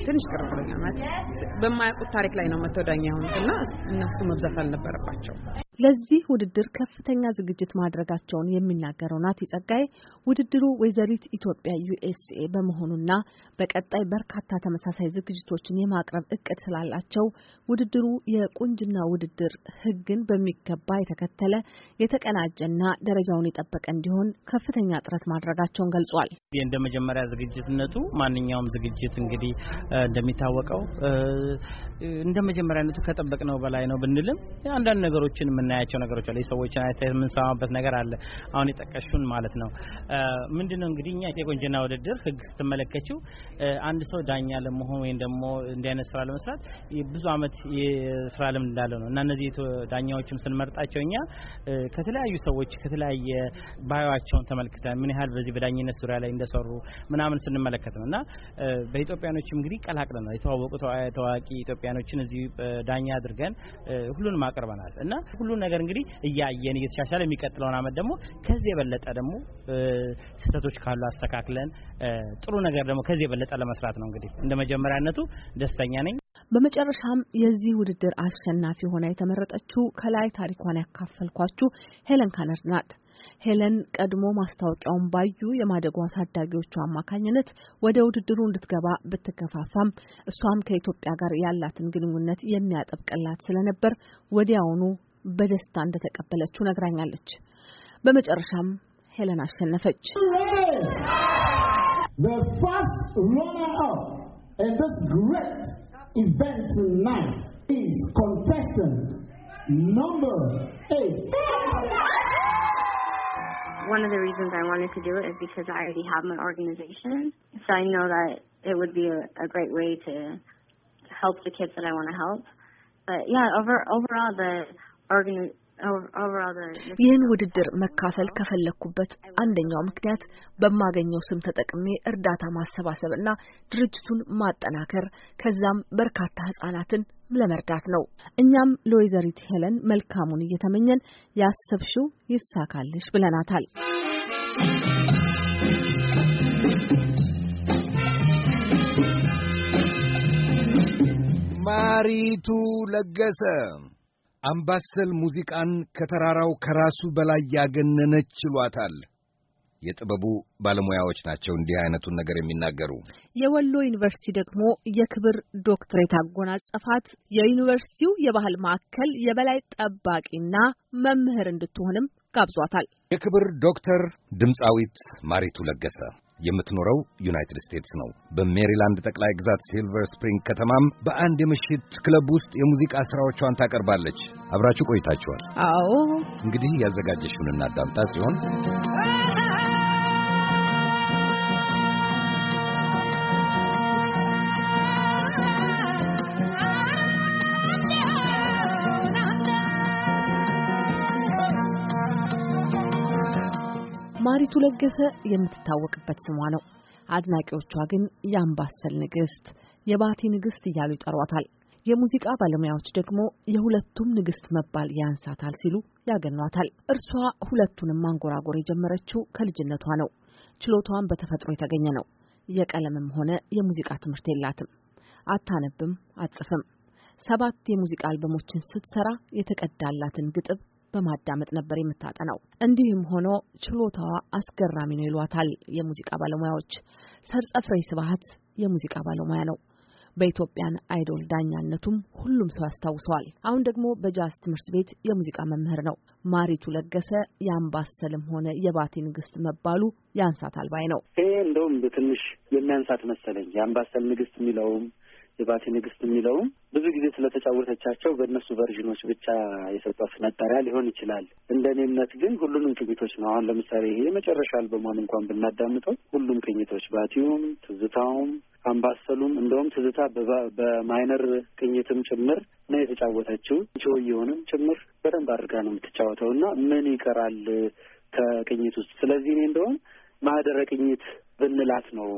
ትንሽ ቅር ብሎኛል። ማለት በማያውቁት ታሪክ ላይ ነው መተዳኛ የሆኑት እና እነሱ መብዛት አልነበረባቸው። ለዚህ ውድድር ከፍተኛ ዝግጅት ማድረጋቸውን የሚናገረው ናቲ ጸጋይ ውድድሩ ወይዘሪት ኢትዮጵያ ዩኤስኤ በመሆኑና በቀጣይ በርካታ ተመሳሳይ ዝግጅቶችን የማቅረብ እቅድ ስላላቸው ውድድሩ የቁንጅና ውድድር ሕግን በሚገባ የተከተለ የተቀናጀና ደረጃውን የጠበቀ እንዲሆን ከፍተኛ ጥረት ማድረጋቸውን ገልጿል። እንደ መጀመሪያ ዝግጅትነቱ ማንኛውም ዝግጅት እንግዲህ እንደሚታወቀው እንደ መጀመሪያነቱ ከጠበቅነው በላይ ነው ብንልም አንዳንድ ነገሮችን የምናያቸው ነገሮች አሉ። የሰዎችን አስተያየት የምንሰማበት ነገር አለ። አሁን የጠቀሹን ማለት ነው። ምንድነው እንግዲህ እኛ የቁንጅና ውድድር ህግ ስትመለከችው አንድ ሰው ዳኛ ለመሆን ወይም ደግሞ እንዲህ አይነት ስራ ለመስራት ብዙ አመት የስራ ልምድ እንዳለው ነው እና እነዚህ ዳኛዎችም ስንመርጣቸው እኛ ከተለያዩ ሰዎች ከተለያየ ባዮቸውን ተመልክተን ምን ያህል በዚህ በዳኝነት ዙሪያ ላይ እንደሰሩ ምናምን ስንመለከት ነው እና በኢትዮጵያኖችም እንግዲህ ቀላቅለ ነው የተዋወቁ ታዋቂ ኢትዮጵያኖችን እዚህ ዳኛ አድርገን ሁሉንም አቅርበናል እና ሁሉ ሁሉ ነገር እንግዲህ እያየን እየተሻሻለ የሚቀጥለውን አመት ደግሞ ከዚህ የበለጠ ደግሞ ስህተቶች ካሉ አስተካክለን ጥሩ ነገር ደግሞ ከዚህ የበለጠ ለመስራት ነው። እንግዲህ እንደ መጀመሪያነቱ ደስተኛ ነኝ። በመጨረሻም የዚህ ውድድር አሸናፊ ሆና የተመረጠችው ከላይ ታሪኳን ያካፈልኳችሁ ሄለን ካነር ናት። ሄለን ቀድሞ ማስታወቂያውን ባዩ የማደጎ አሳዳጊዎቹ አማካኝነት ወደ ውድድሩ እንድትገባ ብትከፋፋም እሷም ከኢትዮጵያ ጋር ያላትን ግንኙነት የሚያጠብቅላት ስለነበር ወዲያውኑ በደስታ እንደተቀበለችው ነግራኛለች። በመጨረሻም ሄለን አሸነፈች። One of the reasons I wanted to do it is because I already have my organization, so I know that it would be a, a great way to help the kids that I want to help. But yeah, over overall the ይህን ውድድር መካፈል ከፈለግኩበት አንደኛው ምክንያት በማገኘው ስም ተጠቅሜ እርዳታ ማሰባሰብ እና ድርጅቱን ማጠናከር ከዛም በርካታ ህጻናትን ለመርዳት ነው። እኛም ለወይዘሪት ሄለን መልካሙን እየተመኘን ያሰብሽው ይሳካልሽ ብለናታል። ማሪቱ ለገሰ አምባሰል ሙዚቃን ከተራራው ከራሱ በላይ ያገነነች ችሏታል። የጥበቡ ባለሙያዎች ናቸው እንዲህ አይነቱን ነገር የሚናገሩ። የወሎ ዩኒቨርሲቲ ደግሞ የክብር ዶክትሬት አጎናጸፋት። የዩኒቨርሲቲው የባህል ማዕከል የበላይ ጠባቂና መምህር እንድትሆንም ጋብዟታል። የክብር ዶክተር ድምፃዊት ማሪቱ ለገሰ የምትኖረው ዩናይትድ ስቴትስ ነው። በሜሪላንድ ጠቅላይ ግዛት ሲልቨር ስፕሪንግ ከተማም በአንድ የምሽት ክለብ ውስጥ የሙዚቃ ስራዎቿን ታቀርባለች። አብራችሁ ቆይታችኋል። አዎ እንግዲህ ያዘጋጀሽውን እናዳምጣ ሲሆን ማሪቱ ለገሰ የምትታወቅበት ስሟ ነው። አድናቂዎቿ ግን የአምባሰል ንግስት፣ የባቲ ንግስት እያሉ ይጠሯታል። የሙዚቃ ባለሙያዎች ደግሞ የሁለቱም ንግስት መባል ያንሳታል ሲሉ ያገኗታል። እርሷ ሁለቱንም ማንጎራጎር የጀመረችው ከልጅነቷ ነው። ችሎቷን በተፈጥሮ የተገኘ ነው። የቀለምም ሆነ የሙዚቃ ትምህርት የላትም። አታነብም፣ አትጽፍም። ሰባት የሙዚቃ አልበሞችን ስትሰራ የተቀዳላትን ግጥም በማዳመጥ ነበር የምታጠናው። እንዲህም ሆኖ ችሎታዋ አስገራሚ ነው ይሏታል የሙዚቃ ባለሙያዎች። ሰርጸፍሬ ስብሐት የሙዚቃ ባለሙያ ነው። በኢትዮጵያን አይዶል ዳኛነቱም ሁሉም ሰው ያስታውሰዋል። አሁን ደግሞ በጃዝ ትምህርት ቤት የሙዚቃ መምህር ነው። ማሪቱ ለገሰ የአምባሰልም ሆነ የባቲ ንግስት መባሉ ያንሳታል ባይ ነው። ይሄ እንደውም ትንሽ የሚያንሳት መሰለኝ የአምባሰል ንግስት የሚለውም የባቲ ንግስት የሚለውም ብዙ ጊዜ ስለተጫወተቻቸው በእነሱ ቨርዥኖች ብቻ የሰጧት መጠሪያ ሊሆን ይችላል። እንደ እኔ እምነት ግን ሁሉንም ቅኝቶች ነው። አሁን ለምሳሌ ይሄ የመጨረሻ አልበሟን እንኳን ብናዳምጠው ሁሉም ቅኝቶች ባቲውም፣ ትዝታውም፣ አምባሰሉም እንደውም ትዝታ በማይነር ቅኝትም ጭምር ነው የተጫወተችው። ጆየውንም ጭምር በደንብ አድርጋ ነው የምትጫወተው እና ምን ይቀራል ከቅኝት ውስጥ? ስለዚህ እኔ እንደውም ማህደረ ቅኝት ብንላት ነው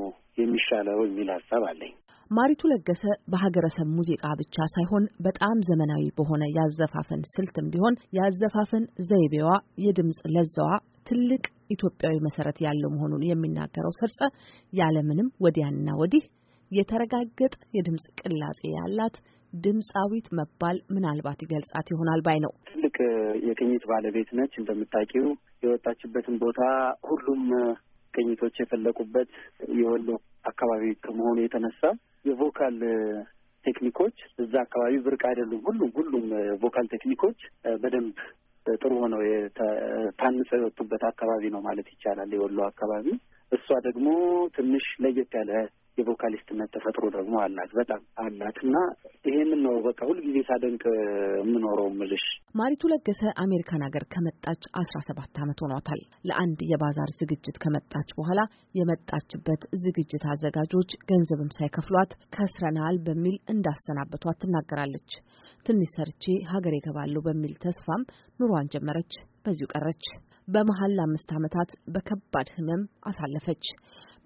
የሚሻለው የሚል ሀሳብ አለኝ። ማሪቱ ለገሰ በሀገረሰብ ሙዚቃ ብቻ ሳይሆን በጣም ዘመናዊ በሆነ ያዘፋፈን ስልትም ቢሆን ያዘፋፈን ዘይቤዋ፣ የድምፅ ለዛዋ ትልቅ ኢትዮጵያዊ መሰረት ያለው መሆኑን የሚናገረው ሰርጸ ያለምንም ወዲያና ወዲህ የተረጋገጠ የድምፅ ቅላጼ ያላት ድምፃዊት መባል ምናልባት ይገልጻት ይሆናል ባይ ነው። ትልቅ የቅኝት ባለቤት ነች። እንደምታውቂው የወጣችበትን ቦታ ሁሉም ቅኝቶች የፈለቁበት የወሎ አካባቢ ከመሆኑ የተነሳ የቮካል ቴክኒኮች እዛ አካባቢ ብርቅ አይደሉም። ሁሉም ሁሉም ቮካል ቴክኒኮች በደንብ ጥሩ ሆነው ታንጸው የወጡበት አካባቢ ነው ማለት ይቻላል የወሎ አካባቢ። እሷ ደግሞ ትንሽ ለየት ያለ የቮካሊስትነት ተፈጥሮ ደግሞ አላት፣ በጣም አላት እና ይሄንን ነው በቃ ሁልጊዜ ሳደንቅ የምኖረው ምልሽ። ማሪቱ ለገሰ አሜሪካን ሀገር ከመጣች አስራ ሰባት ዓመት ሆኗታል። ለአንድ የባዛር ዝግጅት ከመጣች በኋላ የመጣችበት ዝግጅት አዘጋጆች ገንዘብም ሳይከፍሏት ከስረናል በሚል እንዳሰናበቷት ትናገራለች። ትንሽ ሰርቼ ሀገር እገባለሁ በሚል ተስፋም ኑሯን ጀመረች። በዚሁ ቀረች። በመሀል ለአምስት ዓመታት በከባድ ህመም አሳለፈች።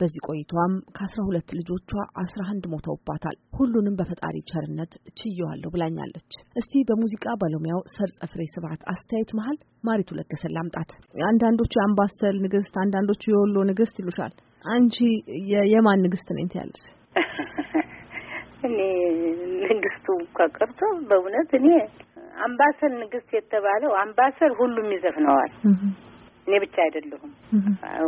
በዚህ ቆይቷም ከአስራ ሁለት ልጆቿ አስራ አንድ ሞተውባታል። ሁሉንም በፈጣሪ ቸርነት ችየዋለሁ ብላኛለች። እስቲ በሙዚቃ ባለሙያው ሰርጸ ፍሬ ስብሐት አስተያየት መሀል ማሪቱ ለገሰ ላምጣት። አንዳንዶቹ የአምባሰል ንግስት፣ አንዳንዶቹ የወሎ ንግስት ይሉሻል። አንቺ የማን ንግስት ነኝ ትያለሽ? እኔ ንግስቱ እንኳን ቀርቶ በእውነት እኔ አምባሰል ንግስት የተባለው አምባሰል ሁሉም ይዘፍነዋል። እኔ ብቻ አይደለሁም፣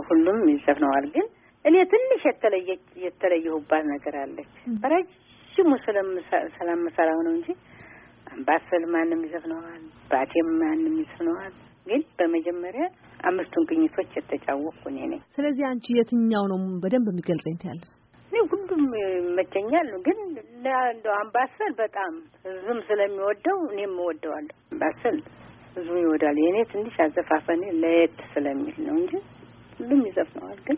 ሁሉም ይዘፍነዋል ግን እኔ ትንሽ የተለየች የተለየሁባት ነገር አለች። በረጅሙ ስለምሰራው ነው እንጂ አምባሰል ማንም ይዘፍነዋል፣ ባቴም ማንም ይዘፍነዋል። ግን በመጀመሪያ አምስቱን ቅኝቶች የተጫወቅኩ እኔ ነኝ። ስለዚህ አንቺ የትኛው ነው በደንብ የሚገልጸኝ ትያለሽ? እኔ ሁሉም ይመቸኛል፣ ግን እንደው አምባሰል በጣም ህዝብም ስለሚወደው እኔም እወደዋለሁ። አምባሰል ህዝቡ ይወዳል። የእኔ ትንሽ አዘፋፈኔ ለየት ስለሚል ነው እንጂ ሁሉም ይዘፍነዋል ግን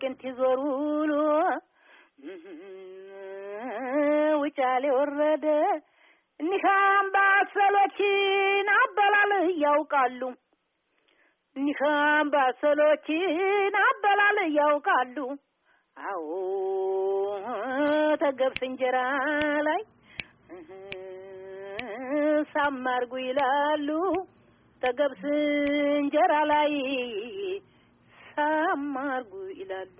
ቅንት ይዞር ውሎ ውጫሌ ወረደ። እኒኻም ባሰሎችን አበላል ያውቃሉ። እኒኻም ባሰሎችን አበላል ያውቃሉ። አዎ ተገብስ እንጀራ ላይ ሳማርጉ ይላሉ። ተገብስ እንጀራ ላይ ጫማ አርጉ ይላሉ።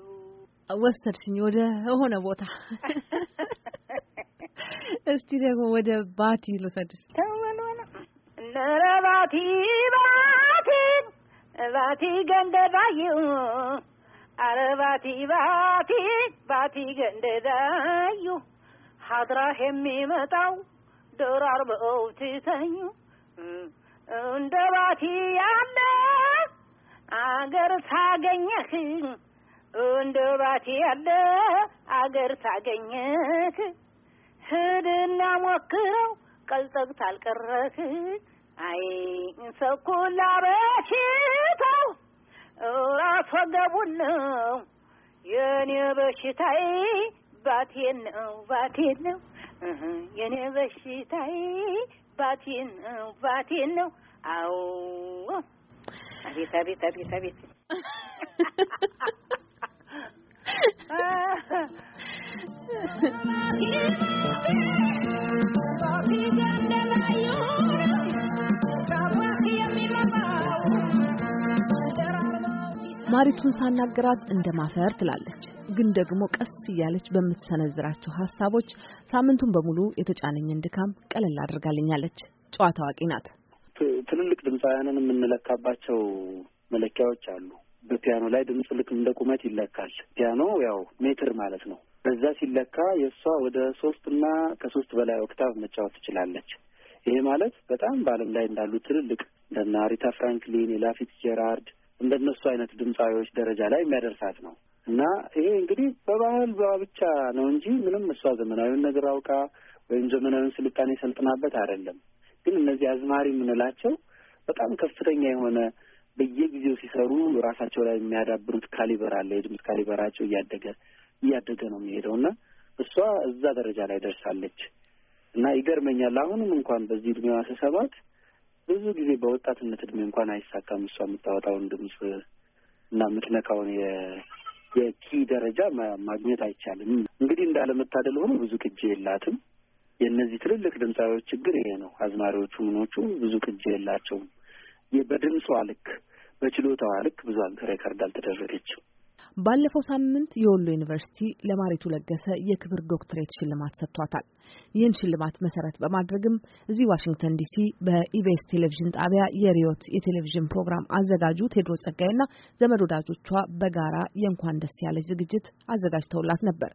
ወሰድሽኝ ወደ ሆነ ቦታ። እስቲ ደግሞ ወደ ባቲ ልውሰድሽ። እነረ ባቲ ባቲ ባቲ ገንደዳዩ አረ ባቲ ባቲ ባቲ ገንደዳዩ ሀድራ የሚመጣው ዶራር በኦውት እንደ ባቲ ያለ አገር ታገኘህ እንደ ባቴ ያለ አገር ታገኘህ ሂድና ሞክረው ቀልጠግ ታልቀረህ አይ እንሰኩላ በሽታው ራስ ወገቡን ነው የኔ በሽታይ ባቴን ነው ባቴን ነው የኔ በሽታይ ባቴን ነው ባቴን ነው አዎ አቤት አቤት አቤት አቤት ማሪቱን ሳናገራት እንደማፈር ትላለች፣ ግን ደግሞ ቀስ እያለች በምትሰነዝራቸው ሀሳቦች ሳምንቱን በሙሉ የተጫነኝን ድካም ቀለል አድርጋልኛለች። ጨዋታ አዋቂ ናት። ትልልቅ ድምፃውያንን የምንለካባቸው መለኪያዎች አሉ። በፒያኖ ላይ ድምፅ ልክ እንደ ቁመት ይለካል። ፒያኖ ያው ሜትር ማለት ነው። በዛ ሲለካ የእሷ ወደ ሶስት እና ከሶስት በላይ ኦክታቭ መጫወት ትችላለች። ይሄ ማለት በጣም በዓለም ላይ እንዳሉ ትልልቅ እንደና አሪታ ፍራንክሊን፣ ኤላ ፊትዝጄራልድ እንደነሱ አይነት ድምፃዊዎች ደረጃ ላይ የሚያደርሳት ነው እና ይሄ እንግዲህ በባህል ብቻ ነው እንጂ ምንም እሷ ዘመናዊውን ነገር አውቃ ወይም ዘመናዊውን ስልጣኔ ሰልጥናበት አይደለም። ግን እነዚህ አዝማሪ የምንላቸው በጣም ከፍተኛ የሆነ በየጊዜው ሲሰሩ ራሳቸው ላይ የሚያዳብሩት ካሊበር አለ። የድምፅ ካሊበራቸው እያደገ እያደገ ነው የሚሄደው እና እሷ እዛ ደረጃ ላይ ደርሳለች እና ይገርመኛል። አሁንም እንኳን በዚህ እድሜዋ ስሰማት ብዙ ጊዜ በወጣትነት እድሜ እንኳን አይሳካም እሷ የምታወጣውን ድምፅ እና የምትነካውን የኪ ደረጃ ማግኘት አይቻልም። እንግዲህ እንዳለመታደል ሆኖ ብዙ ቅጅ የላትም። የእነዚህ ትልልቅ ድምፃዊዎች ችግር ይሄ ነው። አዝማሪዎቹ ምኖቹ ብዙ ቅጅ የላቸውም። በድምጿ ልክ በችሎታዋ ልክ ብዙ ሬከርድ አልተደረገችም። ባለፈው ሳምንት የወሎ ዩኒቨርሲቲ ለማሪቱ ለገሰ የክብር ዶክትሬት ሽልማት ሰጥቷታል። ይህን ሽልማት መሰረት በማድረግም እዚህ ዋሽንግተን ዲሲ በኢቢኤስ ቴሌቪዥን ጣቢያ የሪዮት የቴሌቪዥን ፕሮግራም አዘጋጁ ቴድሮስ ጸጋይና ዘመድ ወዳጆቿ በጋራ የእንኳን ደስ ያለች ዝግጅት አዘጋጅተውላት ነበር።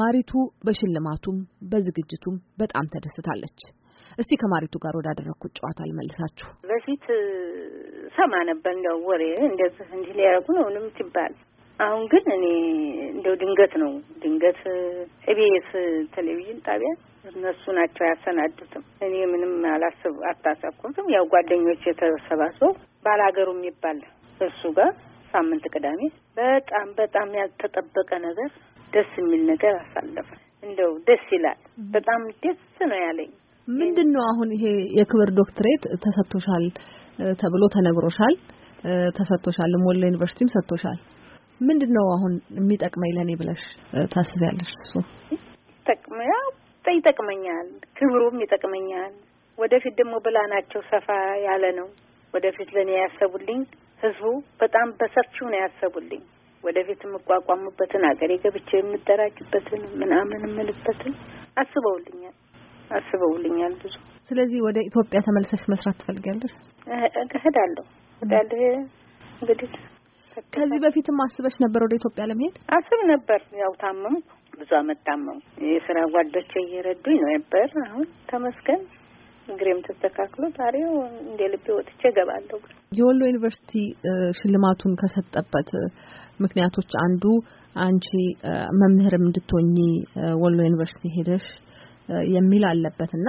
ማሪቱ በሽልማቱም በዝግጅቱም በጣም ተደስታለች። እስቲ ከማሪቱ ጋር ወዳደረግኩት ጨዋታ ልመልሳችሁ። በፊት ሰማ ነበር እንደው ወሬ እንደዚህ እንዲህ ሊያደርጉ ነው ምንም ትባል። አሁን ግን እኔ እንደው ድንገት ነው ድንገት ኢቢኤስ ቴሌቪዥን ጣቢያ እነሱ ናቸው ያሰናዱትም። እኔ ምንም አላስብ አታሰብኩትም። ያው ጓደኞች የተሰባስበው ባላገሩ የሚባል እሱ ጋር ሳምንት ቅዳሜ በጣም በጣም ያልተጠበቀ ነገር ደስ የሚል ነገር አሳለፈ። እንደው ደስ ይላል። በጣም ደስ ነው ያለኝ። ምንድን ነው አሁን ይሄ የክብር ዶክትሬት ተሰጥቶሻል ተብሎ ተነግሮሻል፣ ተሰጥቶሻል። ሞለ ዩኒቨርሲቲም ሰጥቶሻል። ምንድን ነው አሁን የሚጠቅመኝ ለእኔ ብለሽ ታስቢያለሽ? እሱ ጠቅመያ ይጠቅመኛል፣ ክብሩም ይጠቅመኛል። ወደፊት ደግሞ ብላናቸው ሰፋ ያለ ነው። ወደፊት ለእኔ ያሰቡልኝ ህዝቡ በጣም በሰፊው ነው ያሰቡልኝ። ወደፊት የምቋቋምበትን አገሬ ገብቼ የምደራጅበትን ምናምን የምልበትን አስበውልኛል አስበውልኛል ብዙ። ስለዚህ ወደ ኢትዮጵያ ተመልሰሽ መስራት ትፈልጊያለሽ? እሄዳለሁ እሄዳለሁ። እንግዲህ ከዚህ በፊትም አስበሽ ነበር ወደ ኢትዮጵያ ለመሄድ? አስብ ነበር። ያው ታመምኩ፣ ብዙ አመት ታመምኩ። የስራ ጓዶቼ እየረዱኝ ነው ነበር። አሁን ተመስገን እግሬም ተስተካክሎ ዛሬው እንደ ልቤ ወጥቼ እገባለሁ። የወሎ ዩኒቨርሲቲ ሽልማቱን ከሰጠበት ምክንያቶች አንዱ አንቺ መምህርም እንድትሆኚ ወሎ ዩኒቨርሲቲ ሄደሽ የሚል አለበት እና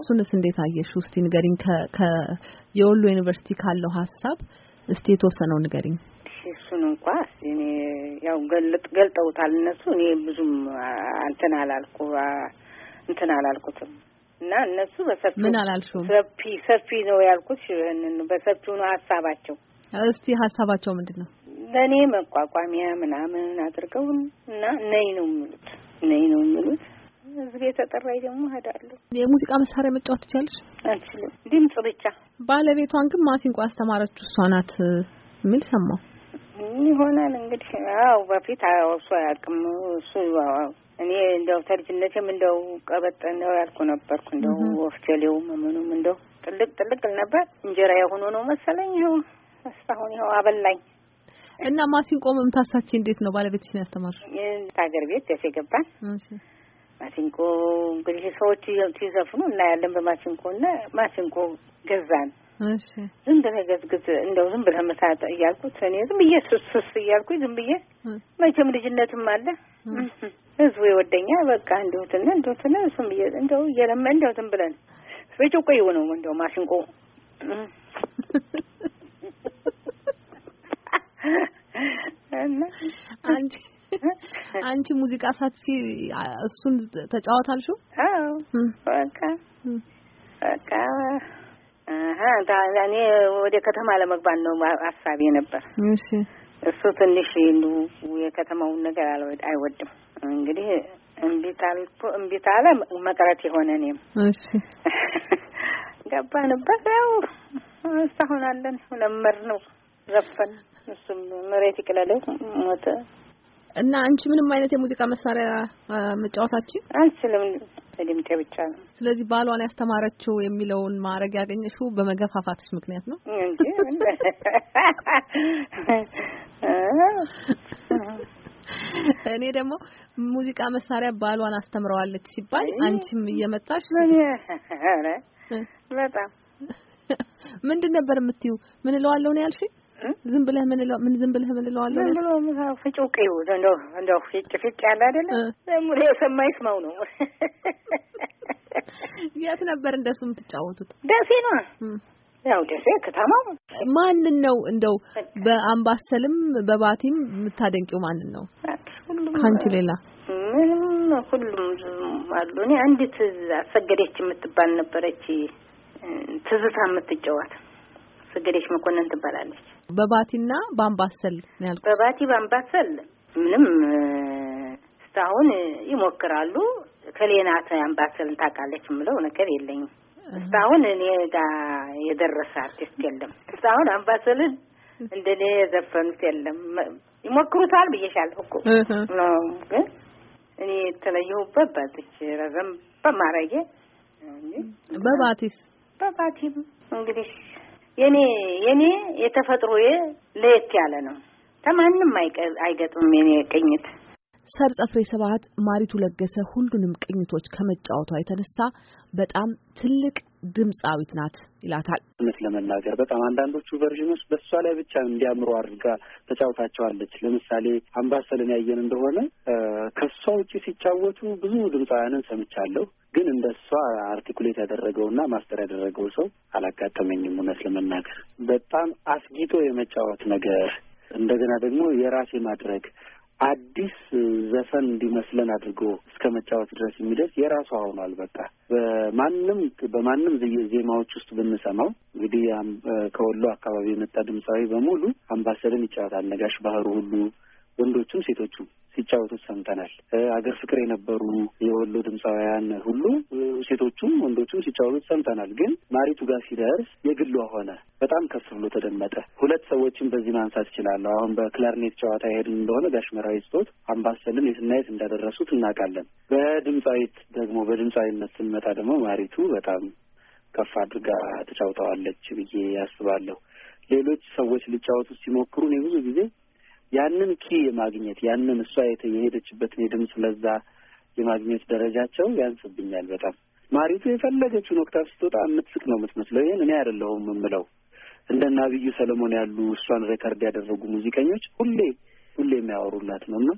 እሱንስ እንዴት አየሽ? እስቲ ንገሪኝ። የወሎ ዩኒቨርሲቲ ካለው ሀሳብ እስቲ የተወሰነው ንገሪኝ። እሱን እንኳ እኔ ያው ገልጥ ገልጠውታል እነሱ። እኔ ብዙም እንትን አላልኩ እንትን አላልኩትም እና እነሱ በሰፊ ምን አላልሽውም? ሰፊ ሰፊ ነው ያልኩት። ይህንን በሰፊው ነው ሀሳባቸው። እስቲ ሀሳባቸው ምንድን ነው? ለእኔ መቋቋሚያ ምናምን አድርገው እና ነይ ነው የሚሉት ነይ ነው የሚሉት። ህዝብ የተጠራኝ ደግሞ እሄዳለሁ። የሙዚቃ መሳሪያ መጫወት ትችያለሽ? አልችልም፣ ድምጽ ብቻ። ባለቤቷን ግን ማሲንቆ አስተማረችው እሷ ናት የሚል ሰማሁ። ይሆናል እንግዲህ። አዎ በፊት አውሶ አያውቅም እሱ እኔ እንደው ተልጅነቴም እንደው ቀበጥ ነው ያልኩ ነበርኩ። እንደው ወፍቸሌው ምኑም እንደው ጥልቅ ጥልቅ ነበር። እንጀራ የሆኖ ነው መሰለኝ። ይኸው እስካሁን ይኸው አበላኝ። እና ማሲንቆ መምታሳች እንዴት ነው ባለቤትሽን ያስተማርሽ? ሀገር ቤት ደሴ ገባን። ማሲንቆ እንግዲህ ሰዎች ሲዘፍኑ እናያለን በማሲንቆ እና ማሲንቆ ገዛን። እሺ ዝም ብለህ ገዝግዝ እንደው ዝም ብለህ መሳጥ እያልኩት እኔ ዝም ብዬ ስስ እያልኩኝ ዝም ብዬ መቼም ልጅነትም አለ ህዝቡ ይወደኛል በቃ እንደውትን እንደውትን እሱም እንደው እየለመ እንደውትን ብለን በጭቆ የሆነው እንደው ማሽንቆ አንቺ አንቺ ሙዚቃ ሳትሲ እሱን ተጫወታልሽው? አዎ በቃ በቃ እኔ ወደ ከተማ ለመግባት ነው ሀሳቤ ነበር። እሺ እሱ ትንሽ የከተማውን ነገር አይወድም። እንግዲህ እምቢት አልኩ እምቢት አለ መቅረት የሆነ እኔም ገባንበት። ያው እስካሁን አለን ለመር ነው ዘፈን እሱም መሬት ይቅለለው ሞተ እና አንቺ ምንም አይነት የሙዚቃ መሳሪያ መጫወታችን አልችልም፣ ድምጤ ብቻ ነው። ስለዚህ ባሏን ያስተማረችው የሚለውን ማድረግ ያገኘሽው በመገፋፋትሽ ምክንያት ነው እንጂ እኔ ደግሞ ሙዚቃ መሳሪያ ባሏን አስተምረዋለች ሲባል አንቺም እየመጣሽ በጣም ምንድን ነበር የምትዩ? ምን እለዋለሁ ነው ያልሽ? ዝም ብለህ ምን እለው ምን ዝም ብለህ ምን እለዋለሁ ነው? ዝም ብሎ ምሳው ይው እንደ እንደ ፍጭ ፍጭ ያለ አይደለ? ዝም ብሎ የሰማ ይስማው ነው። የት ነበር እንደሱ የምትጫወቱት? ደሴ ነው። ያው ደሴ ከተማ ማንን ነው እንደው በአምባሰልም በባቲም የምታደንቂው ማንን ነው? ከአንቺ ሌላ ሁሉም አሉ። እኔ አንዲት ሰገደች የምትባል ነበረች ትዝታ የምትጫወት ሰገደች መኮንን ትባላለች። በባቲና በአምባሰል ነው ያልኩት። በባቲ በአምባሰል ምንም እስካሁን ይሞክራሉ። ከሌናት አምባሰልን ታውቃለች የምለው ነገር የለኝም። እስካሁን እኔ ጋር የደረሰ አርቲስት የለም። እስካሁን አምባሰልን እንደ እኔ የዘፈኑት የለም። ይሞክሩታል ብዬሻለሁ እኮ ግን እኔ የተለየሁበት ባትች ረዘም በማረጌ በባቲስ በባቲም እንግዲህ የኔ የኔ የተፈጥሮዬ ለየት ያለ ነው። ተማንም አይገጥም የኔ ቅኝት ሰርጸ ፍሬ ሰባት ማሪቱ ለገሰ ሁሉንም ቅኝቶች ከመጫወቷ የተነሳ በጣም ትልቅ ድምፃዊት ናት ይላታል። እውነት ለመናገር በጣም አንዳንዶቹ ቨርዥኖች በእሷ ላይ ብቻ እንዲያምሩ አድርጋ ተጫውታቸዋለች። ለምሳሌ አምባሰልን ያየን እንደሆነ ከእሷ ውጭ ሲጫወቱ ብዙ ድምፃውያንን ሰምቻለሁ፣ ግን እንደ እሷ አርቲኩሌት ያደረገውና ማስተር ያደረገው ሰው አላጋጠመኝም። እውነት ለመናገር በጣም አስጊጦ የመጫወት ነገር እንደገና ደግሞ የራሴ ማድረግ አዲስ ዘፈን እንዲመስለን አድርጎ እስከ መጫወት ድረስ የሚደርስ የራሱ አሁኗል በቃ በማንም በማንም ዜማዎች ውስጥ ብንሰማው እንግዲህ ከወሎ አካባቢ የመጣ ድምፃዊ በሙሉ አምባሰልን ይጫወታል። ነጋሽ ባህሩ ሁሉ ወንዶቹም ሴቶቹም ሲጫወቱት ሰምተናል። አገር ፍቅር የነበሩ የወሎ ድምፃውያን ሁሉ ሴቶቹም ወንዶቹም ሲጫወቱት ሰምተናል። ግን ማሪቱ ጋር ሲደርስ የግሏ ሆነ፣ በጣም ከፍ ብሎ ተደመጠ። ሁለት ሰዎችን በዚህ ማንሳት እችላለሁ። አሁን በክላርኔት ጨዋታ የሄድን እንደሆነ ጋሽ ስጦት አምባሰልን የትናየት እንዳደረሱት እናውቃለን። በድምፃዊት ደግሞ በድምፃዊነት ስንመጣ ደግሞ ማሪቱ በጣም ከፍ አድርጋ ተጫውተዋለች ብዬ ያስባለሁ። ሌሎች ሰዎች ሊጫወቱ ሲሞክሩ እኔ ብዙ ጊዜ ያንን ኪ የማግኘት ያንን እሷ የሄደችበትን የድምፅ ለዛ የማግኘት ደረጃቸው ያንስብኛል በጣም። ማሪቱ የፈለገችውን ወቅታ ስትወጣ የምትስቅ ነው የምትመስለው። ይህን እኔ አይደለሁም የምለው። እንደ ናብዩ ሰለሞን ያሉ እሷን ሬከርድ ያደረጉ ሙዚቀኞች ሁሌ ሁሌ የሚያወሩላት ነው እና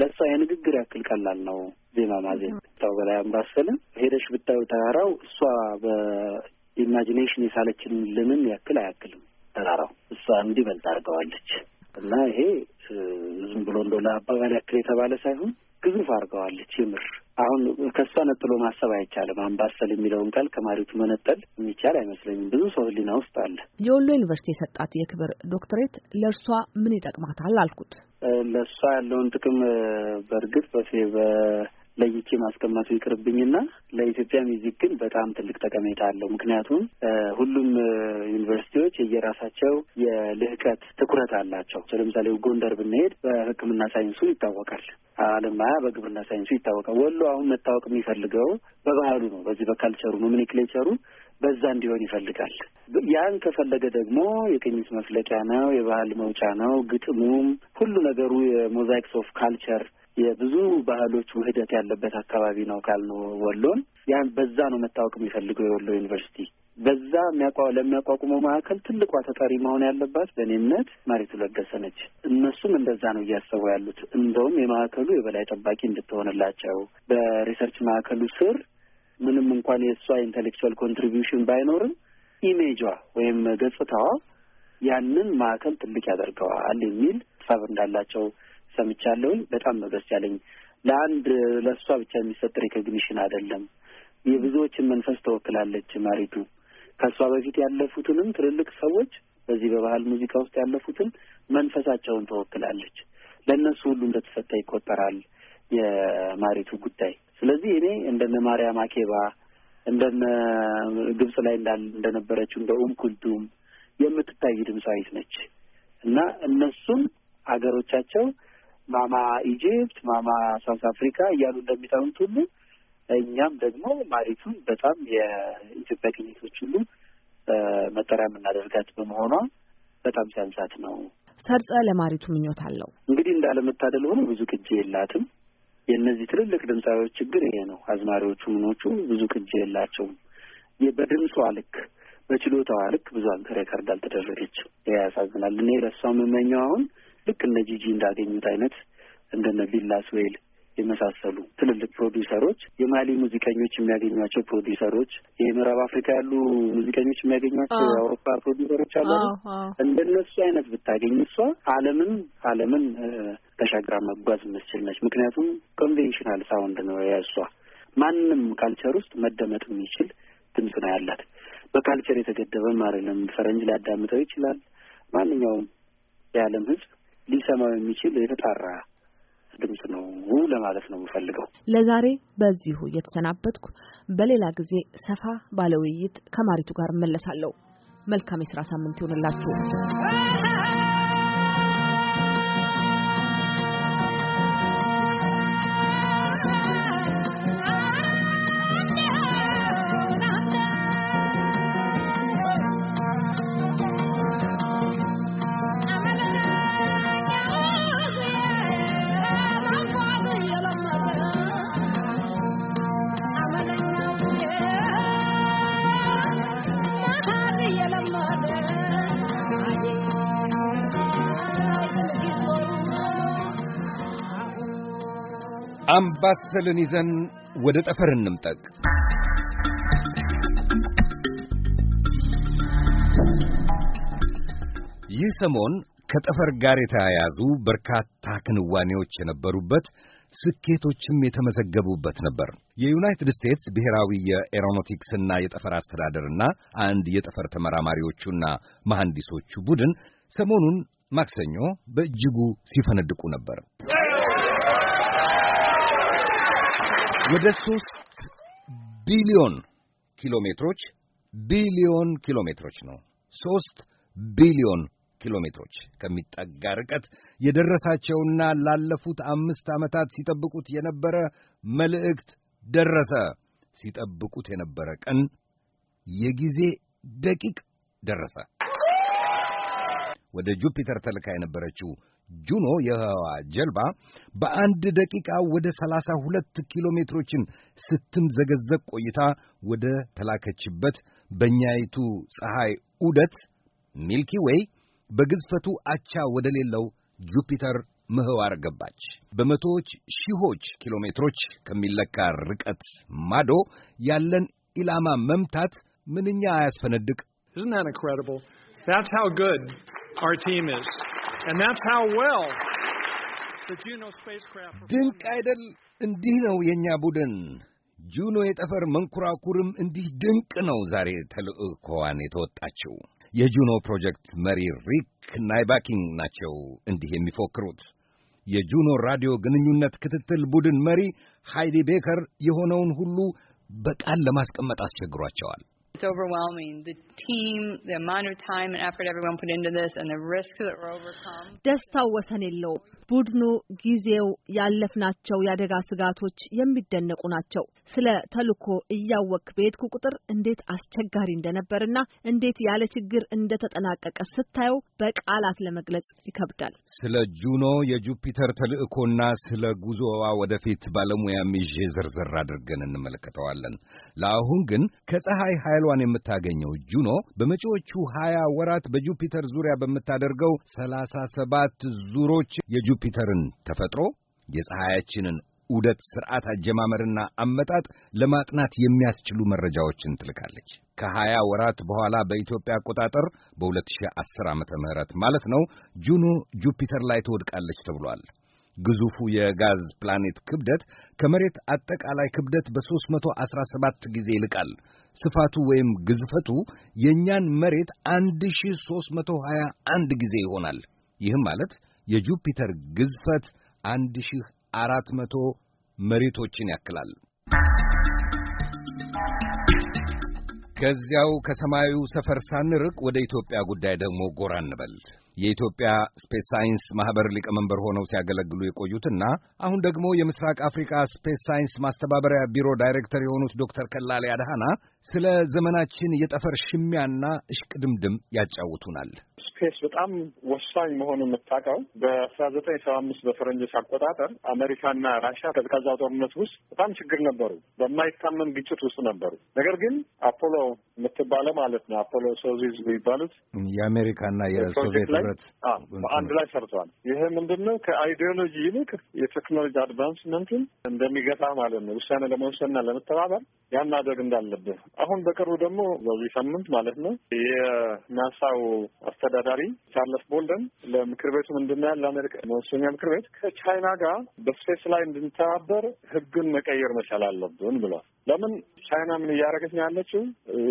ለእሷ የንግግር ያክል ቀላል ነው ዜማ ማዜ ታው በላይ አምባሰልን ሄደሽ ብታዩ ተራራው እሷ በኢማጂኔሽን የሳለችን ልምን ያክል አያክልም ተራራው እሷ እንዲበልጥ አድርገዋለች። እና ይሄ ዝም ብሎ እንደው ለአባባል ያክል የተባለ ሳይሆን ግዙፍ አድርገዋለች። የምር አሁን ከእሷ ነጥሎ ማሰብ አይቻልም። አምባሰል የሚለውን ቃል ከማሪቱ መነጠል የሚቻል አይመስለኝም። ብዙ ሰው ህሊና ውስጥ አለ። የወሎ ዩኒቨርሲቲ የሰጣት የክብር ዶክትሬት ለእርሷ ምን ይጠቅማታል አልኩት። ለእሷ ያለውን ጥቅም በእርግጥ በ ለይቼ ማስቀመጡ ይቅርብኝና ለኢትዮጵያ ሚዚክ ግን በጣም ትልቅ ጠቀሜታ አለው። ምክንያቱም ሁሉም ዩኒቨርሲቲዎች የየራሳቸው የልህቀት ትኩረት አላቸው። ለምሳሌ ጎንደር ብንሄድ በሕክምና ሳይንሱ ይታወቃል። አለማያ በግብርና ሳይንሱ ይታወቃል። ወሎ አሁን መታወቅ የሚፈልገው በባህሉ ነው፣ በዚህ በካልቸሩ ነው። ምኒክሌቸሩ በዛ እንዲሆን ይፈልጋል። ያን ከፈለገ ደግሞ የቅኝት መፍለቂያ ነው፣ የባህል መውጫ ነው። ግጥሙም ሁሉ ነገሩ የሞዛይክስ ኦፍ ካልቸር የብዙ ባህሎች ውህደት ያለበት አካባቢ ነው ካልነው ወሎን ያን በዛ ነው መታወቅ የሚፈልገው የወሎ ዩኒቨርሲቲ። በዛ ለሚያቋቁመው ማዕከል ትልቋ ተጠሪ መሆን ያለባት በእኔ መሬቱ ለገሰ ነች። እነሱም እንደዛ ነው እያሰቡ ያሉት። እንደውም የማዕከሉ የበላይ ጠባቂ እንድትሆንላቸው በሪሰርች ማዕከሉ ስር ምንም እንኳን የእሷ ኢንቴሌክቹዋል ኮንትሪቢሽን ባይኖርም ኢሜጇ ወይም ገጽታዋ ያንን ማዕከል ትልቅ ያደርገዋል የሚል ሀሳብ እንዳላቸው ሰምቻለሁኝ። በጣም ነው ደስ ያለኝ። ለአንድ ለእሷ ብቻ የሚሰጥ ሪኮግኒሽን አይደለም። የብዙዎችን መንፈስ ተወክላለች ማሪቱ። ከእሷ በፊት ያለፉትንም ትልልቅ ሰዎች በዚህ በባህል ሙዚቃ ውስጥ ያለፉትን መንፈሳቸውን ተወክላለች። ለእነሱ ሁሉ እንደተሰጠ ይቆጠራል የማሪቱ ጉዳይ። ስለዚህ እኔ እንደነ ማርያም አኬባ እንደነ ግብጽ ላይ እንዳል እንደነበረችው እንደ ኡም ኩልቱም የምትታይ ድምፃዊት ነች እና እነሱን አገሮቻቸው ማማ ኢጂፕት፣ ማማ ሳውት አፍሪካ እያሉ እንደሚጠሩት ሁሉ እኛም ደግሞ ማሪቱን በጣም የኢትዮጵያ ግኝቶች ሁሉ መጠሪያ የምናደርጋት በመሆኗ በጣም ሲያንሳት ነው። ሰርጸ ለማሪቱ ምኞት አለው። እንግዲህ እንዳለመታደል ሆኖ ብዙ ቅጂ የላትም። የእነዚህ ትልልቅ ድምፃዊዎች ችግር ይሄ ነው። አዝማሪዎቹ ምኖቹ ብዙ ቅጂ የላቸውም። በድምጿ ልክ በችሎታዋ ልክ ብዙ ሀገር ሪከርድ አልተደረገችም። ይህ ያሳዝናል። እኔ ለእሷ የምመኘው አሁን ልክ እነ ጂጂ እንዳገኙት አይነት እንደነ ቢላስዌል የመሳሰሉ ትልልቅ ፕሮዲውሰሮች የማሊ ሙዚቀኞች የሚያገኟቸው ፕሮዲውሰሮች፣ የምዕራብ አፍሪካ ያሉ ሙዚቀኞች የሚያገኟቸው የአውሮፓ ፕሮዲውሰሮች አሉ። እንደነሱ አይነት ብታገኝ እሷ ዓለምን ዓለምን ተሻግራ መጓዝ የምትችል ነች። ምክንያቱም ኮንቬንሽናል ሳውንድ ነው የእሷ። ማንም ካልቸር ውስጥ መደመጥ የሚችል ድምፅ ነው ያላት። በካልቸር የተገደበም አይደለም። ፈረንጅ ሊያዳምጠው ይችላል። ማንኛውም የዓለም ህዝብ ሊሰማው የሚችል የተጣራ ድምፅ ነው ለማለት ነው የምፈልገው። ለዛሬ በዚሁ እየተሰናበትኩ በሌላ ጊዜ ሰፋ ባለ ውይይት ከማሪቱ ጋር እመለሳለሁ። መልካም የስራ ሳምንት ይሆንላችሁ። አምባሰልን ይዘን ወደ ጠፈር እንምጠቅ። ይህ ሰሞን ከጠፈር ጋር የተያያዙ በርካታ ክንዋኔዎች የነበሩበት ስኬቶችም የተመዘገቡበት ነበር። የዩናይትድ ስቴትስ ብሔራዊ የኤሮኖቲክስና የጠፈር አስተዳደርና አንድ የጠፈር ተመራማሪዎቹና መሐንዲሶቹ ቡድን ሰሞኑን ማክሰኞ በእጅጉ ሲፈነድቁ ነበር። ወደ ሦስት ቢሊዮን ኪሎ ሜትሮች ቢሊዮን ኪሎ ሜትሮች ነው። ሦስት ቢሊዮን ኪሎ ሜትሮች ከሚጠጋ ርቀት የደረሳቸውና ላለፉት አምስት ዓመታት ሲጠብቁት የነበረ መልእክት ደረሰ። ሲጠብቁት የነበረ ቀን የጊዜ ደቂቅ ደረሰ። ወደ ጁፒተር ተልካ የነበረችው ጁኖ የህዋ ጀልባ በአንድ ደቂቃ ወደ ሰላሳ ሁለት ኪሎ ሜትሮችን ስትምዘገዘግ ቆይታ ወደ ተላከችበት በእኛይቱ ፀሐይ ዑደት ሚልኪ ዌይ በግዝፈቱ አቻ ወደ ሌለው ጁፒተር ምህዋር ገባች። በመቶዎች ሺዎች ኪሎ ሜትሮች ከሚለካ ርቀት ማዶ ያለን ኢላማ መምታት ምንኛ አያስፈነድቅ! ድንቅ አይደል? እንዲህ ነው የእኛ ቡድን። ጁኖ የጠፈር መንኮራኩርም እንዲህ ድንቅ ነው ዛሬ ተልዕኮዋን የተወጣችው። የጁኖ ፕሮጀክት መሪ ሪክ ናይባኪንግ ናቸው እንዲህ የሚፎክሩት። የጁኖ ራዲዮ ግንኙነት ክትትል ቡድን መሪ ሃይዲ ቤከር የሆነውን ሁሉ በቃል ለማስቀመጥ አስቸግሯቸዋል። it's overwhelming. The team, the amount of time and effort everyone put into this, and the risks that were overcome. ደስታው ወሰን የለውም። ቡድኑ ጊዜው ያለፍናቸው የአደጋ ስጋቶች የሚደነቁ ናቸው። ስለ ተልእኮ እያወቅክ በሄድኩ ቁጥር እንዴት አስቸጋሪ እንደነበርና እንዴት ያለ ችግር እንደተጠናቀቀ ስታየው በቃላት ለመግለጽ ይከብዳል። ስለ ጁኖ የጁፒተር ተልእኮና ስለ ጉዞዋ ወደፊት ባለሙያ ይዤ ዝርዝር አድርገን እንመለከተዋለን። ለአሁን ግን ከፀሐይ ኃይሏን የምታገኘው ጁኖ በመጪዎቹ ሀያ ወራት በጁፒተር ዙሪያ በምታደርገው ሰላሳ ሰባት ዙሮች የጁፒተርን ተፈጥሮ የፀሐያችንን ዑደት ስርዓት አጀማመርና አመጣጥ ለማጥናት የሚያስችሉ መረጃዎችን ትልካለች። ከሀያ ወራት በኋላ በኢትዮጵያ አቆጣጠር በ2010 ዓ ም ማለት ነው ጁኖ ጁፒተር ላይ ትወድቃለች ተብሏል። ግዙፉ የጋዝ ፕላኔት ክብደት ከመሬት አጠቃላይ ክብደት በ317 ጊዜ ይልቃል። ስፋቱ ወይም ግዝፈቱ የእኛን መሬት 1321 ጊዜ ይሆናል። ይህም ማለት የጁፒተር ግዝፈት አራት መቶ መሬቶችን ያክላል። ከዚያው ከሰማዩ ሰፈር ሳንርቅ ወደ ኢትዮጵያ ጉዳይ ደግሞ ጎራ እንበል። የኢትዮጵያ ስፔስ ሳይንስ ማህበር ሊቀመንበር ሆነው ሲያገለግሉ የቆዩትና አሁን ደግሞ የምስራቅ አፍሪካ ስፔስ ሳይንስ ማስተባበሪያ ቢሮ ዳይሬክተር የሆኑት ዶክተር ከላሌ አድሃና ስለ ዘመናችን የጠፈር ሽሚያና እሽቅድምድም ያጫውቱናል። ስፔስ በጣም ወሳኝ መሆኑን የምታውቀው በአስራ ዘጠኝ ሰባ አምስት በፈረንጆች አቆጣጠር አሜሪካና ራሽያ ቀዝቃዛ ጦርነት ውስጥ በጣም ችግር ነበሩ። በማይታመን ግጭት ውስጥ ነበሩ። ነገር ግን አፖሎ የምትባለው ማለት ነው አፖሎ ሶዚዝ የሚባሉት የአሜሪካና የሶቪየት ህብረት በአንድ ላይ ሰርተዋል። ይህ ምንድን ነው? ከአይዲዮሎጂ ይልቅ የቴክኖሎጂ አድቫንስመንትን እንደሚገፋ ማለት ነው። ውሳኔ ለመወሰንና ለመተባበር ያን ማድረግ እንዳለብህ አሁን በቅርቡ ደግሞ በዚህ ሳምንት ማለት ነው የናሳው አስተዳዳሪ ቻርለስ ቦልደን ለምክር ቤቱ ምንድን ነው ያለ አሜሪካ መወሰኛ ምክር ቤት ከቻይና ጋር በስፔስ ላይ እንድንተባበር ህግን መቀየር መቻል አለብን ብሏል። ለምን ቻይና ምን እያደረገች ነው ያለችው?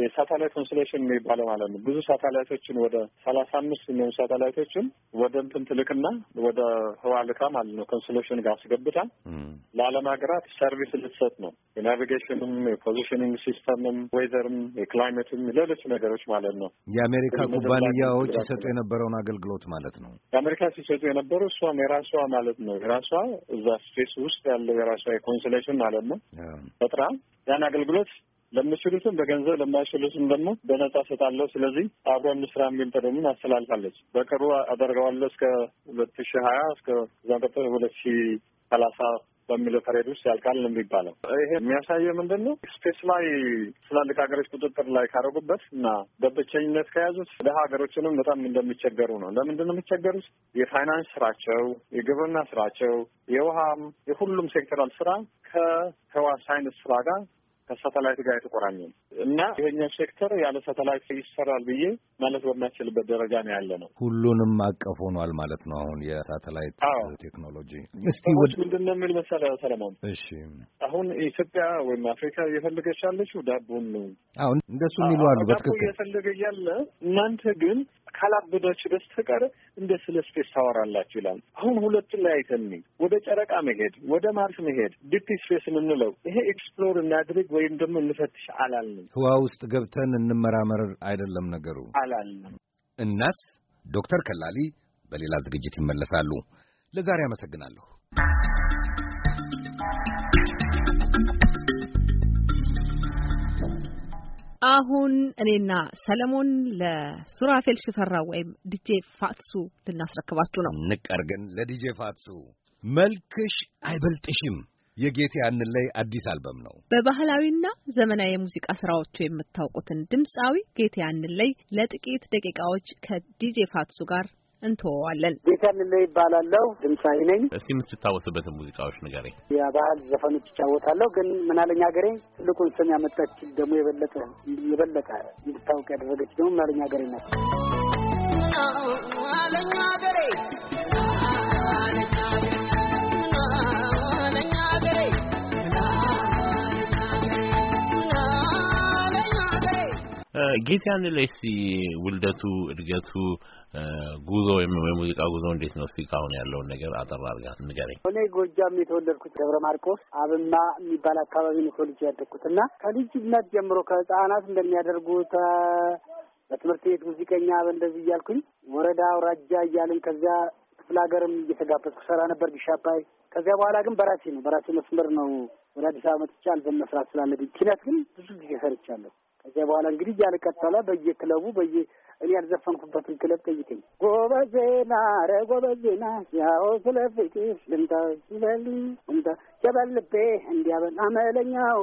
የሳተላይት ኮንስሌሽን የሚባለው ማለት ነው ብዙ ሳተላይቶችን ወደ ሰላሳ አምስት የሚሆኑ ሳተላይቶችን ወደ እንትን ትልቅና ወደ ህዋ ልካ ማለት ነው ኮንስሌሽን ጋር አስገብታል። ለዓለም ሀገራት ሰርቪስ ልትሰጥ ነው የናቪጌሽንም የፖዚሽኒንግ ሲስተምም ዌዘርም፣ የክላይሜትም ሌሎች ነገሮች ማለት ነው። የአሜሪካ ኩባንያዎች ይሰጡ የነበረውን አገልግሎት ማለት ነው። የአሜሪካ ሲሰጡ የነበሩ እሷም የራሷ ማለት ነው የራሷ እዛ ስፔስ ውስጥ ያለው የራሷ የኮንስሌሽን ማለት ነው ፈጥራ ያን አገልግሎት ለምችሉትም በገንዘብ ለማይችሉትም ደግሞ በነጻ ሰጣለሁ። ስለዚህ አብሮ እንስራ የሚል ጥሪውን አስተላልፋለች። በቅርቡ አደርገዋለሁ እስከ ሁለት ሺ ሀያ እስከ ሁለት ሺ ሰላሳ በሚለው ተሬድ ውስጥ ያልቃል ነው የሚባለው። ይሄ የሚያሳየው ምንድን ነው? ስፔስ ላይ ትላልቅ ሀገሮች ቁጥጥር ላይ ካረጉበት እና በብቸኝነት ከያዙት ደሀ ሀገሮችንም በጣም እንደሚቸገሩ ነው። ለምንድን ነው የሚቸገሩት? የፋይናንስ ስራቸው፣ የግብርና ስራቸው፣ የውሃም የሁሉም ሴክተራል ስራ ከህዋ ሳይንስ ስራ ጋር ከሳተላይት ጋር የተቆራኘ ነው እና ይሄኛው ሴክተር ያለ ሳተላይት ይሰራል ብዬ ማለት በሚያስችልበት ደረጃ ነው ያለ ነው። ሁሉንም አቀፍ ሆኗል ማለት ነው። አሁን የሳተላይት ቴክኖሎጂ ሰዎች ምንድን ነው የሚል መሳሪያ ሰለሞን? እሺ አሁን ኢትዮጵያ ወይም አፍሪካ እየፈለገች ያለችው ዳቦን ነው። አሁን እንደሱ የሚሉ አሉ። በትክክል እየፈለገ እያለ እናንተ ግን ካላበዳችሁ በስተቀር እንደ ስለ ስፔስ ታወራላችሁ ይላል። አሁን ሁለቱን ላይ አይተኒ ወደ ጨረቃ መሄድ፣ ወደ ማርስ መሄድ ዲፕ ስፔስ የምንለው ይሄ ኤክስፕሎር እናድርግ ወይም ደግሞ እንፈትሽ አላልንም። ህዋ ውስጥ ገብተን እንመራመር አይደለም ነገሩ አላልንም። እናስ ዶክተር ከላሊ በሌላ ዝግጅት ይመለሳሉ። ለዛሬ አመሰግናለሁ። አሁን እኔና ሰለሞን ለሱራፌል ሽፈራ ወይም ዲጄ ፋትሱ ልናስረክባችሁ ነው። ንቀር ግን ለዲጄ ፋትሱ መልክሽ አይበልጥሽም የጌቴ ያንን ላይ አዲስ አልበም ነው። በባህላዊና ዘመናዊ የሙዚቃ ስራዎቹ የምታውቁትን ድምፃዊ ጌቴ ያንን ላይ ለጥቂት ደቂቃዎች ከዲጄ ፋትሱ ጋር እንተወዋለን። ቤተልለ ይባላለው ድምፃዊ ነኝ። እስኪ የምትታወስበትን ሙዚቃዎች ንገረኝ። የባህል ዘፈኖች ይጫወታለሁ፣ ግን ምናለኝ ሀገሬ ትልቁን ስም ያመጣች ደግሞ የበለጠ የበለጠ እንድታወቅ ያደረገች ደግሞ ምናለኝ ሀገሬ ናት። ምናለኝ ሀገሬ ጌታን ለሲ ውልደቱ እድገቱ ጉዞ ወይም የሙዚቃ ጉዞ እንዴት ነው? እስኪ አሁን ያለውን ነገር አጠራ አድርጋት ንገረኝ። እኔ ጎጃም የተወለድኩት ደብረ ማርቆስ አብማ የሚባል አካባቢ ነው ተወልጄ ያደግኩት እና ከልጅነት ጀምሮ ከህጻናት እንደሚያደርጉት በትምህርት ቤት ሙዚቀኛ በእንደዚህ እያልኩኝ ወረዳ አውራጃ እያልን ከዚያ ክፍለ ሀገርም እየተጋበዝኩ ሰራ ነበር ቢሻባይ። ከዚያ በኋላ ግን በራሴ ነው በራሴ መስመር ነው ወደ አዲስ አበባ መጥቼ አልበም መስራት ስላለብኝ ኪነት ግን ብዙ ጊዜ ሰርቻለሁ። ከዚያ በኋላ እንግዲህ እያልቀጠለ በየክለቡ በየ እኔ ያልዘፈንኩበትን ክለብ ጠይቀኝ። ጎበዜና ኧረ ጎበዜና ያው ስለፍቅሽ ልምጣ ሲበል ልምጣ ጨበልቤ እንዲያበል አመለኛው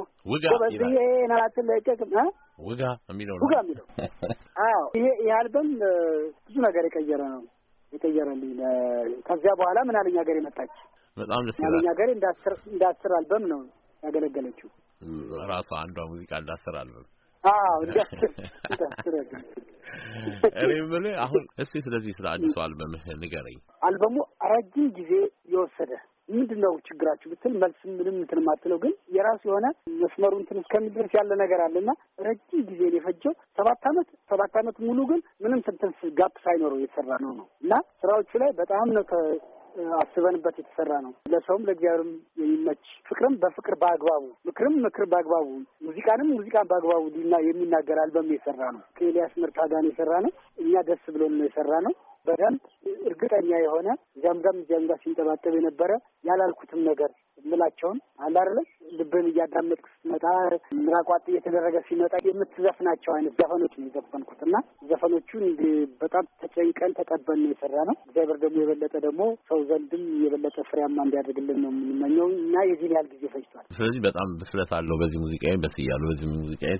ጎበዜና አትለቀቅም ውጋ የሚለው ውጋ የሚለው አዎ፣ ይሄ የአልበም ብዙ ነገር የቀየረ ነው የቀየረልኝ። ከዚያ በኋላ ምን ምናለኝ ሀገር የመጣች በጣም ደስ ይላል። ምናለኝ ሀገር እንዳስር አልበም ነው ያገለገለችው ራሷ አንዷ ሙዚቃ እንዳስር አልበም እኔ የምልህ አሁን እስቲ ስለዚህ ስለ አዲሱ አልበምህ ንገረኝ። አልበሙ ረጅም ጊዜ የወሰደ ምንድን ነው ችግራችሁ ብትል መልስ ምንም እንትን ማትለው ግን የራሱ የሆነ መስመሩ እንትን እስከሚደርስ ያለ ነገር አለና ረጅም ጊዜ የፈጀው ሰባት አመት ሰባት አመት ሙሉ ግን ምንም ስንትን ጋፕ ሳይኖረው የተሰራ ነው ነው እና ስራዎቹ ላይ በጣም ነው አስበንበት የተሰራ ነው። ለሰውም ለእግዚአብሔርም የሚመች ፍቅርም በፍቅር በአግባቡ ምክርም ምክር በአግባቡ ሙዚቃንም ሙዚቃን በአግባቡ የሚናገር አልበም የሰራ ነው። ከኤልያስ ምርታ ጋር የሰራ ነው። እኛ ደስ ብሎን ነው የሰራ ነው። በደንብ እርግጠኛ የሆነ ዘምዘም ጋም ጋር ሲንጠባጠብ የነበረ ያላልኩትም ነገር ምላቸውን አላርለ ልብን እያዳመጥክ ስትመጣ ምራቋጥ እየተደረገ ሲመጣ የምትዘፍናቸው አይነት ዘፈኖች ነው የዘፈንኩት እና ዘፈኖቹ በጣም ተጨንቀን ተጠበን ነው የሰራ ነው። እግዚአብሔር ደግሞ የበለጠ ደግሞ ሰው ዘንድም የበለጠ ፍሬያማ እንዲያደርግልን ነው የምንመኘው እና የዚህን ያህል ጊዜ ፈጅቷል። ስለዚህ በጣም ብስለት አለው በዚህ ሙዚቃ በስያለሁ በዚህ ሙዚቃ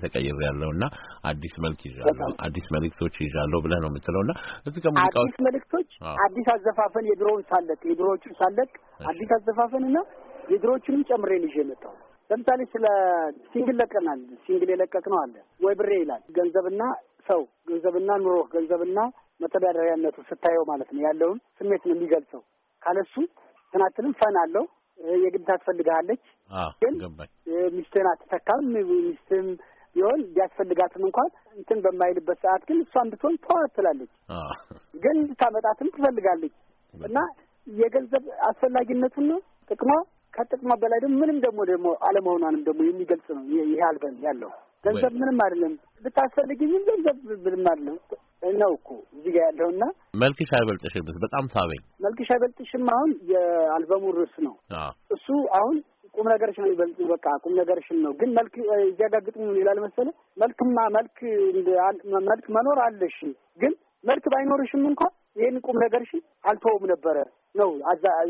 ያለው እና አዲስ መልክ ይዣለሁ አዲስ መልክ ሰዎች ይዣለሁ ብለህ ነው የምትለው እና እዚህ ከሙዚቃዎች የጻፍኩት መልእክቶች አዲስ አዘፋፈን የድሮውን ሳለቅ የድሮዎቹን ሳለቅ አዲስ አዘፋፈን የድሮዎቹንም ጨምሬ ይዤ የመጣው ለምሳሌ ስለ ሲንግል ለቀናል። ሲንግል የለቀቅ ነው አለ ወይ ብሬ ይላል። ገንዘብና ሰው፣ ገንዘብና ኑሮ፣ ገንዘብና መተዳደሪያነቱ ስታየው ማለት ነው ያለውን ስሜት ነው የሚገልጸው። ካለሱ ትናትንም ፈን አለው። የግድ ታስፈልግሃለች፣ ግን ሚስትህን አትተካም። ሚስትህም ሲሆን ቢያስፈልጋትም እንኳን እንትን በማይልበት ሰዓት ግን እሷን ብትሆን ተዋት ትላለች፣ ግን ልታመጣትም ትፈልጋለች እና የገንዘብ አስፈላጊነቱን ጥቅሟ ከጥቅሟ በላይ ደግሞ ምንም ደግሞ ደግሞ አለመሆኗንም ደግሞ የሚገልጽ ነው። ይህ አልበን ያለው ገንዘብ ምንም አይደለም፣ ብታስፈልግኝም ገንዘብ ምንም አይደለም ነው እኮ እዚህ ጋር ያለውና መልክሽ አይበልጥሽም፣ በጣም ሳበኝ መልክሽ አይበልጥሽም አሁን የአልበሙ ርዕስ ነው እሱ አሁን ቁም ነገርሽ ነው ይበልጥ በቃ ቁም ነገርሽን ነው። ግን መልክ እዚያ ጋር ግጥሙ ይላል መሰለ መልክማ መልክ መልክ መኖር አለሽ ግን መልክ ባይኖርሽም እንኳን ይህን ቁም ነገርሽን አልተወውም ነበረ ነው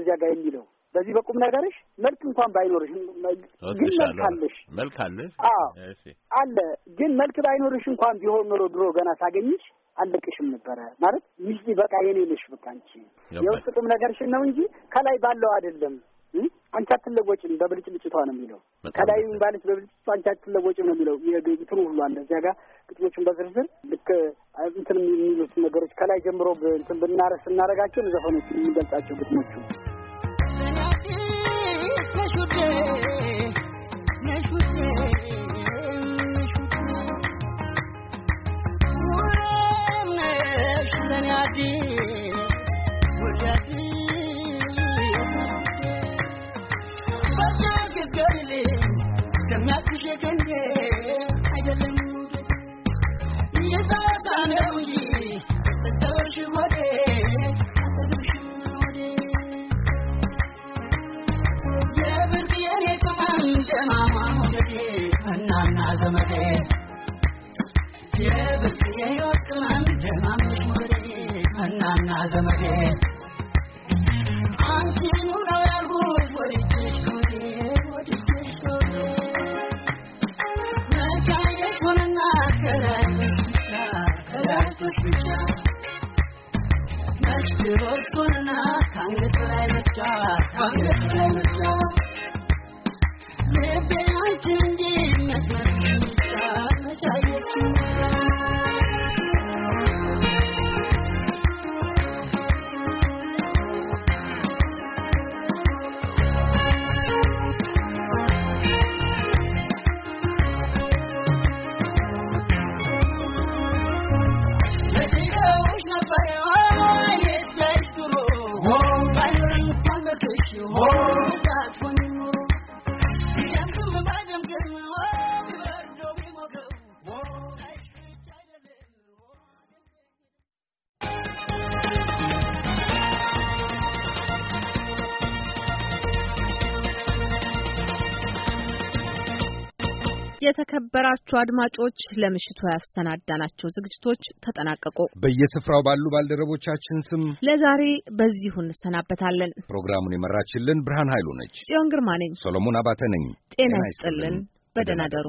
እዚያ ጋር የሚለው በዚህ በቁም ነገርሽ መልክ እንኳን ባይኖርሽ ግን መልክ አለሽ መልክ አለሽ አለ ግን መልክ ባይኖርሽ እንኳን ቢሆን ኖሮ ድሮ ገና ሳገኝሽ አለቅሽም ነበረ ማለት ይህ በቃ የኔ ነሽ በቃ አንቺ የውስጥ ቁም ነገርሽን ነው እንጂ ከላይ ባለው አይደለም አንቺ አትለወጭም በብልጭልጭቷ ነው የሚለው ከላይ ባለች በብልጭልጭቷ አንቺ አትለወጭም ነው የሚለው ግጥሩ ሁሉ አለ እዚያ ጋር ግጥሞቹን በዝርዝር ልክ እንትን የሚሉት ነገሮች ከላይ ጀምሮ እንትን ብናረስ ስናረጋቸው ዘፈኖቹ የሚገልጻቸው ግጥሞቹ የተከበራችሁ አድማጮች ለምሽቱ ያሰናዳናቸው ዝግጅቶች ተጠናቀቁ። በየስፍራው ባሉ ባልደረቦቻችን ስም ለዛሬ በዚሁ እንሰናበታለን። ፕሮግራሙን የመራችልን ብርሃን ኃይሉ ነች። ጽዮን ግርማ ነኝ። ሶሎሞን አባተ ነኝ። ጤና ይስጥልን። በደህና ደሩ።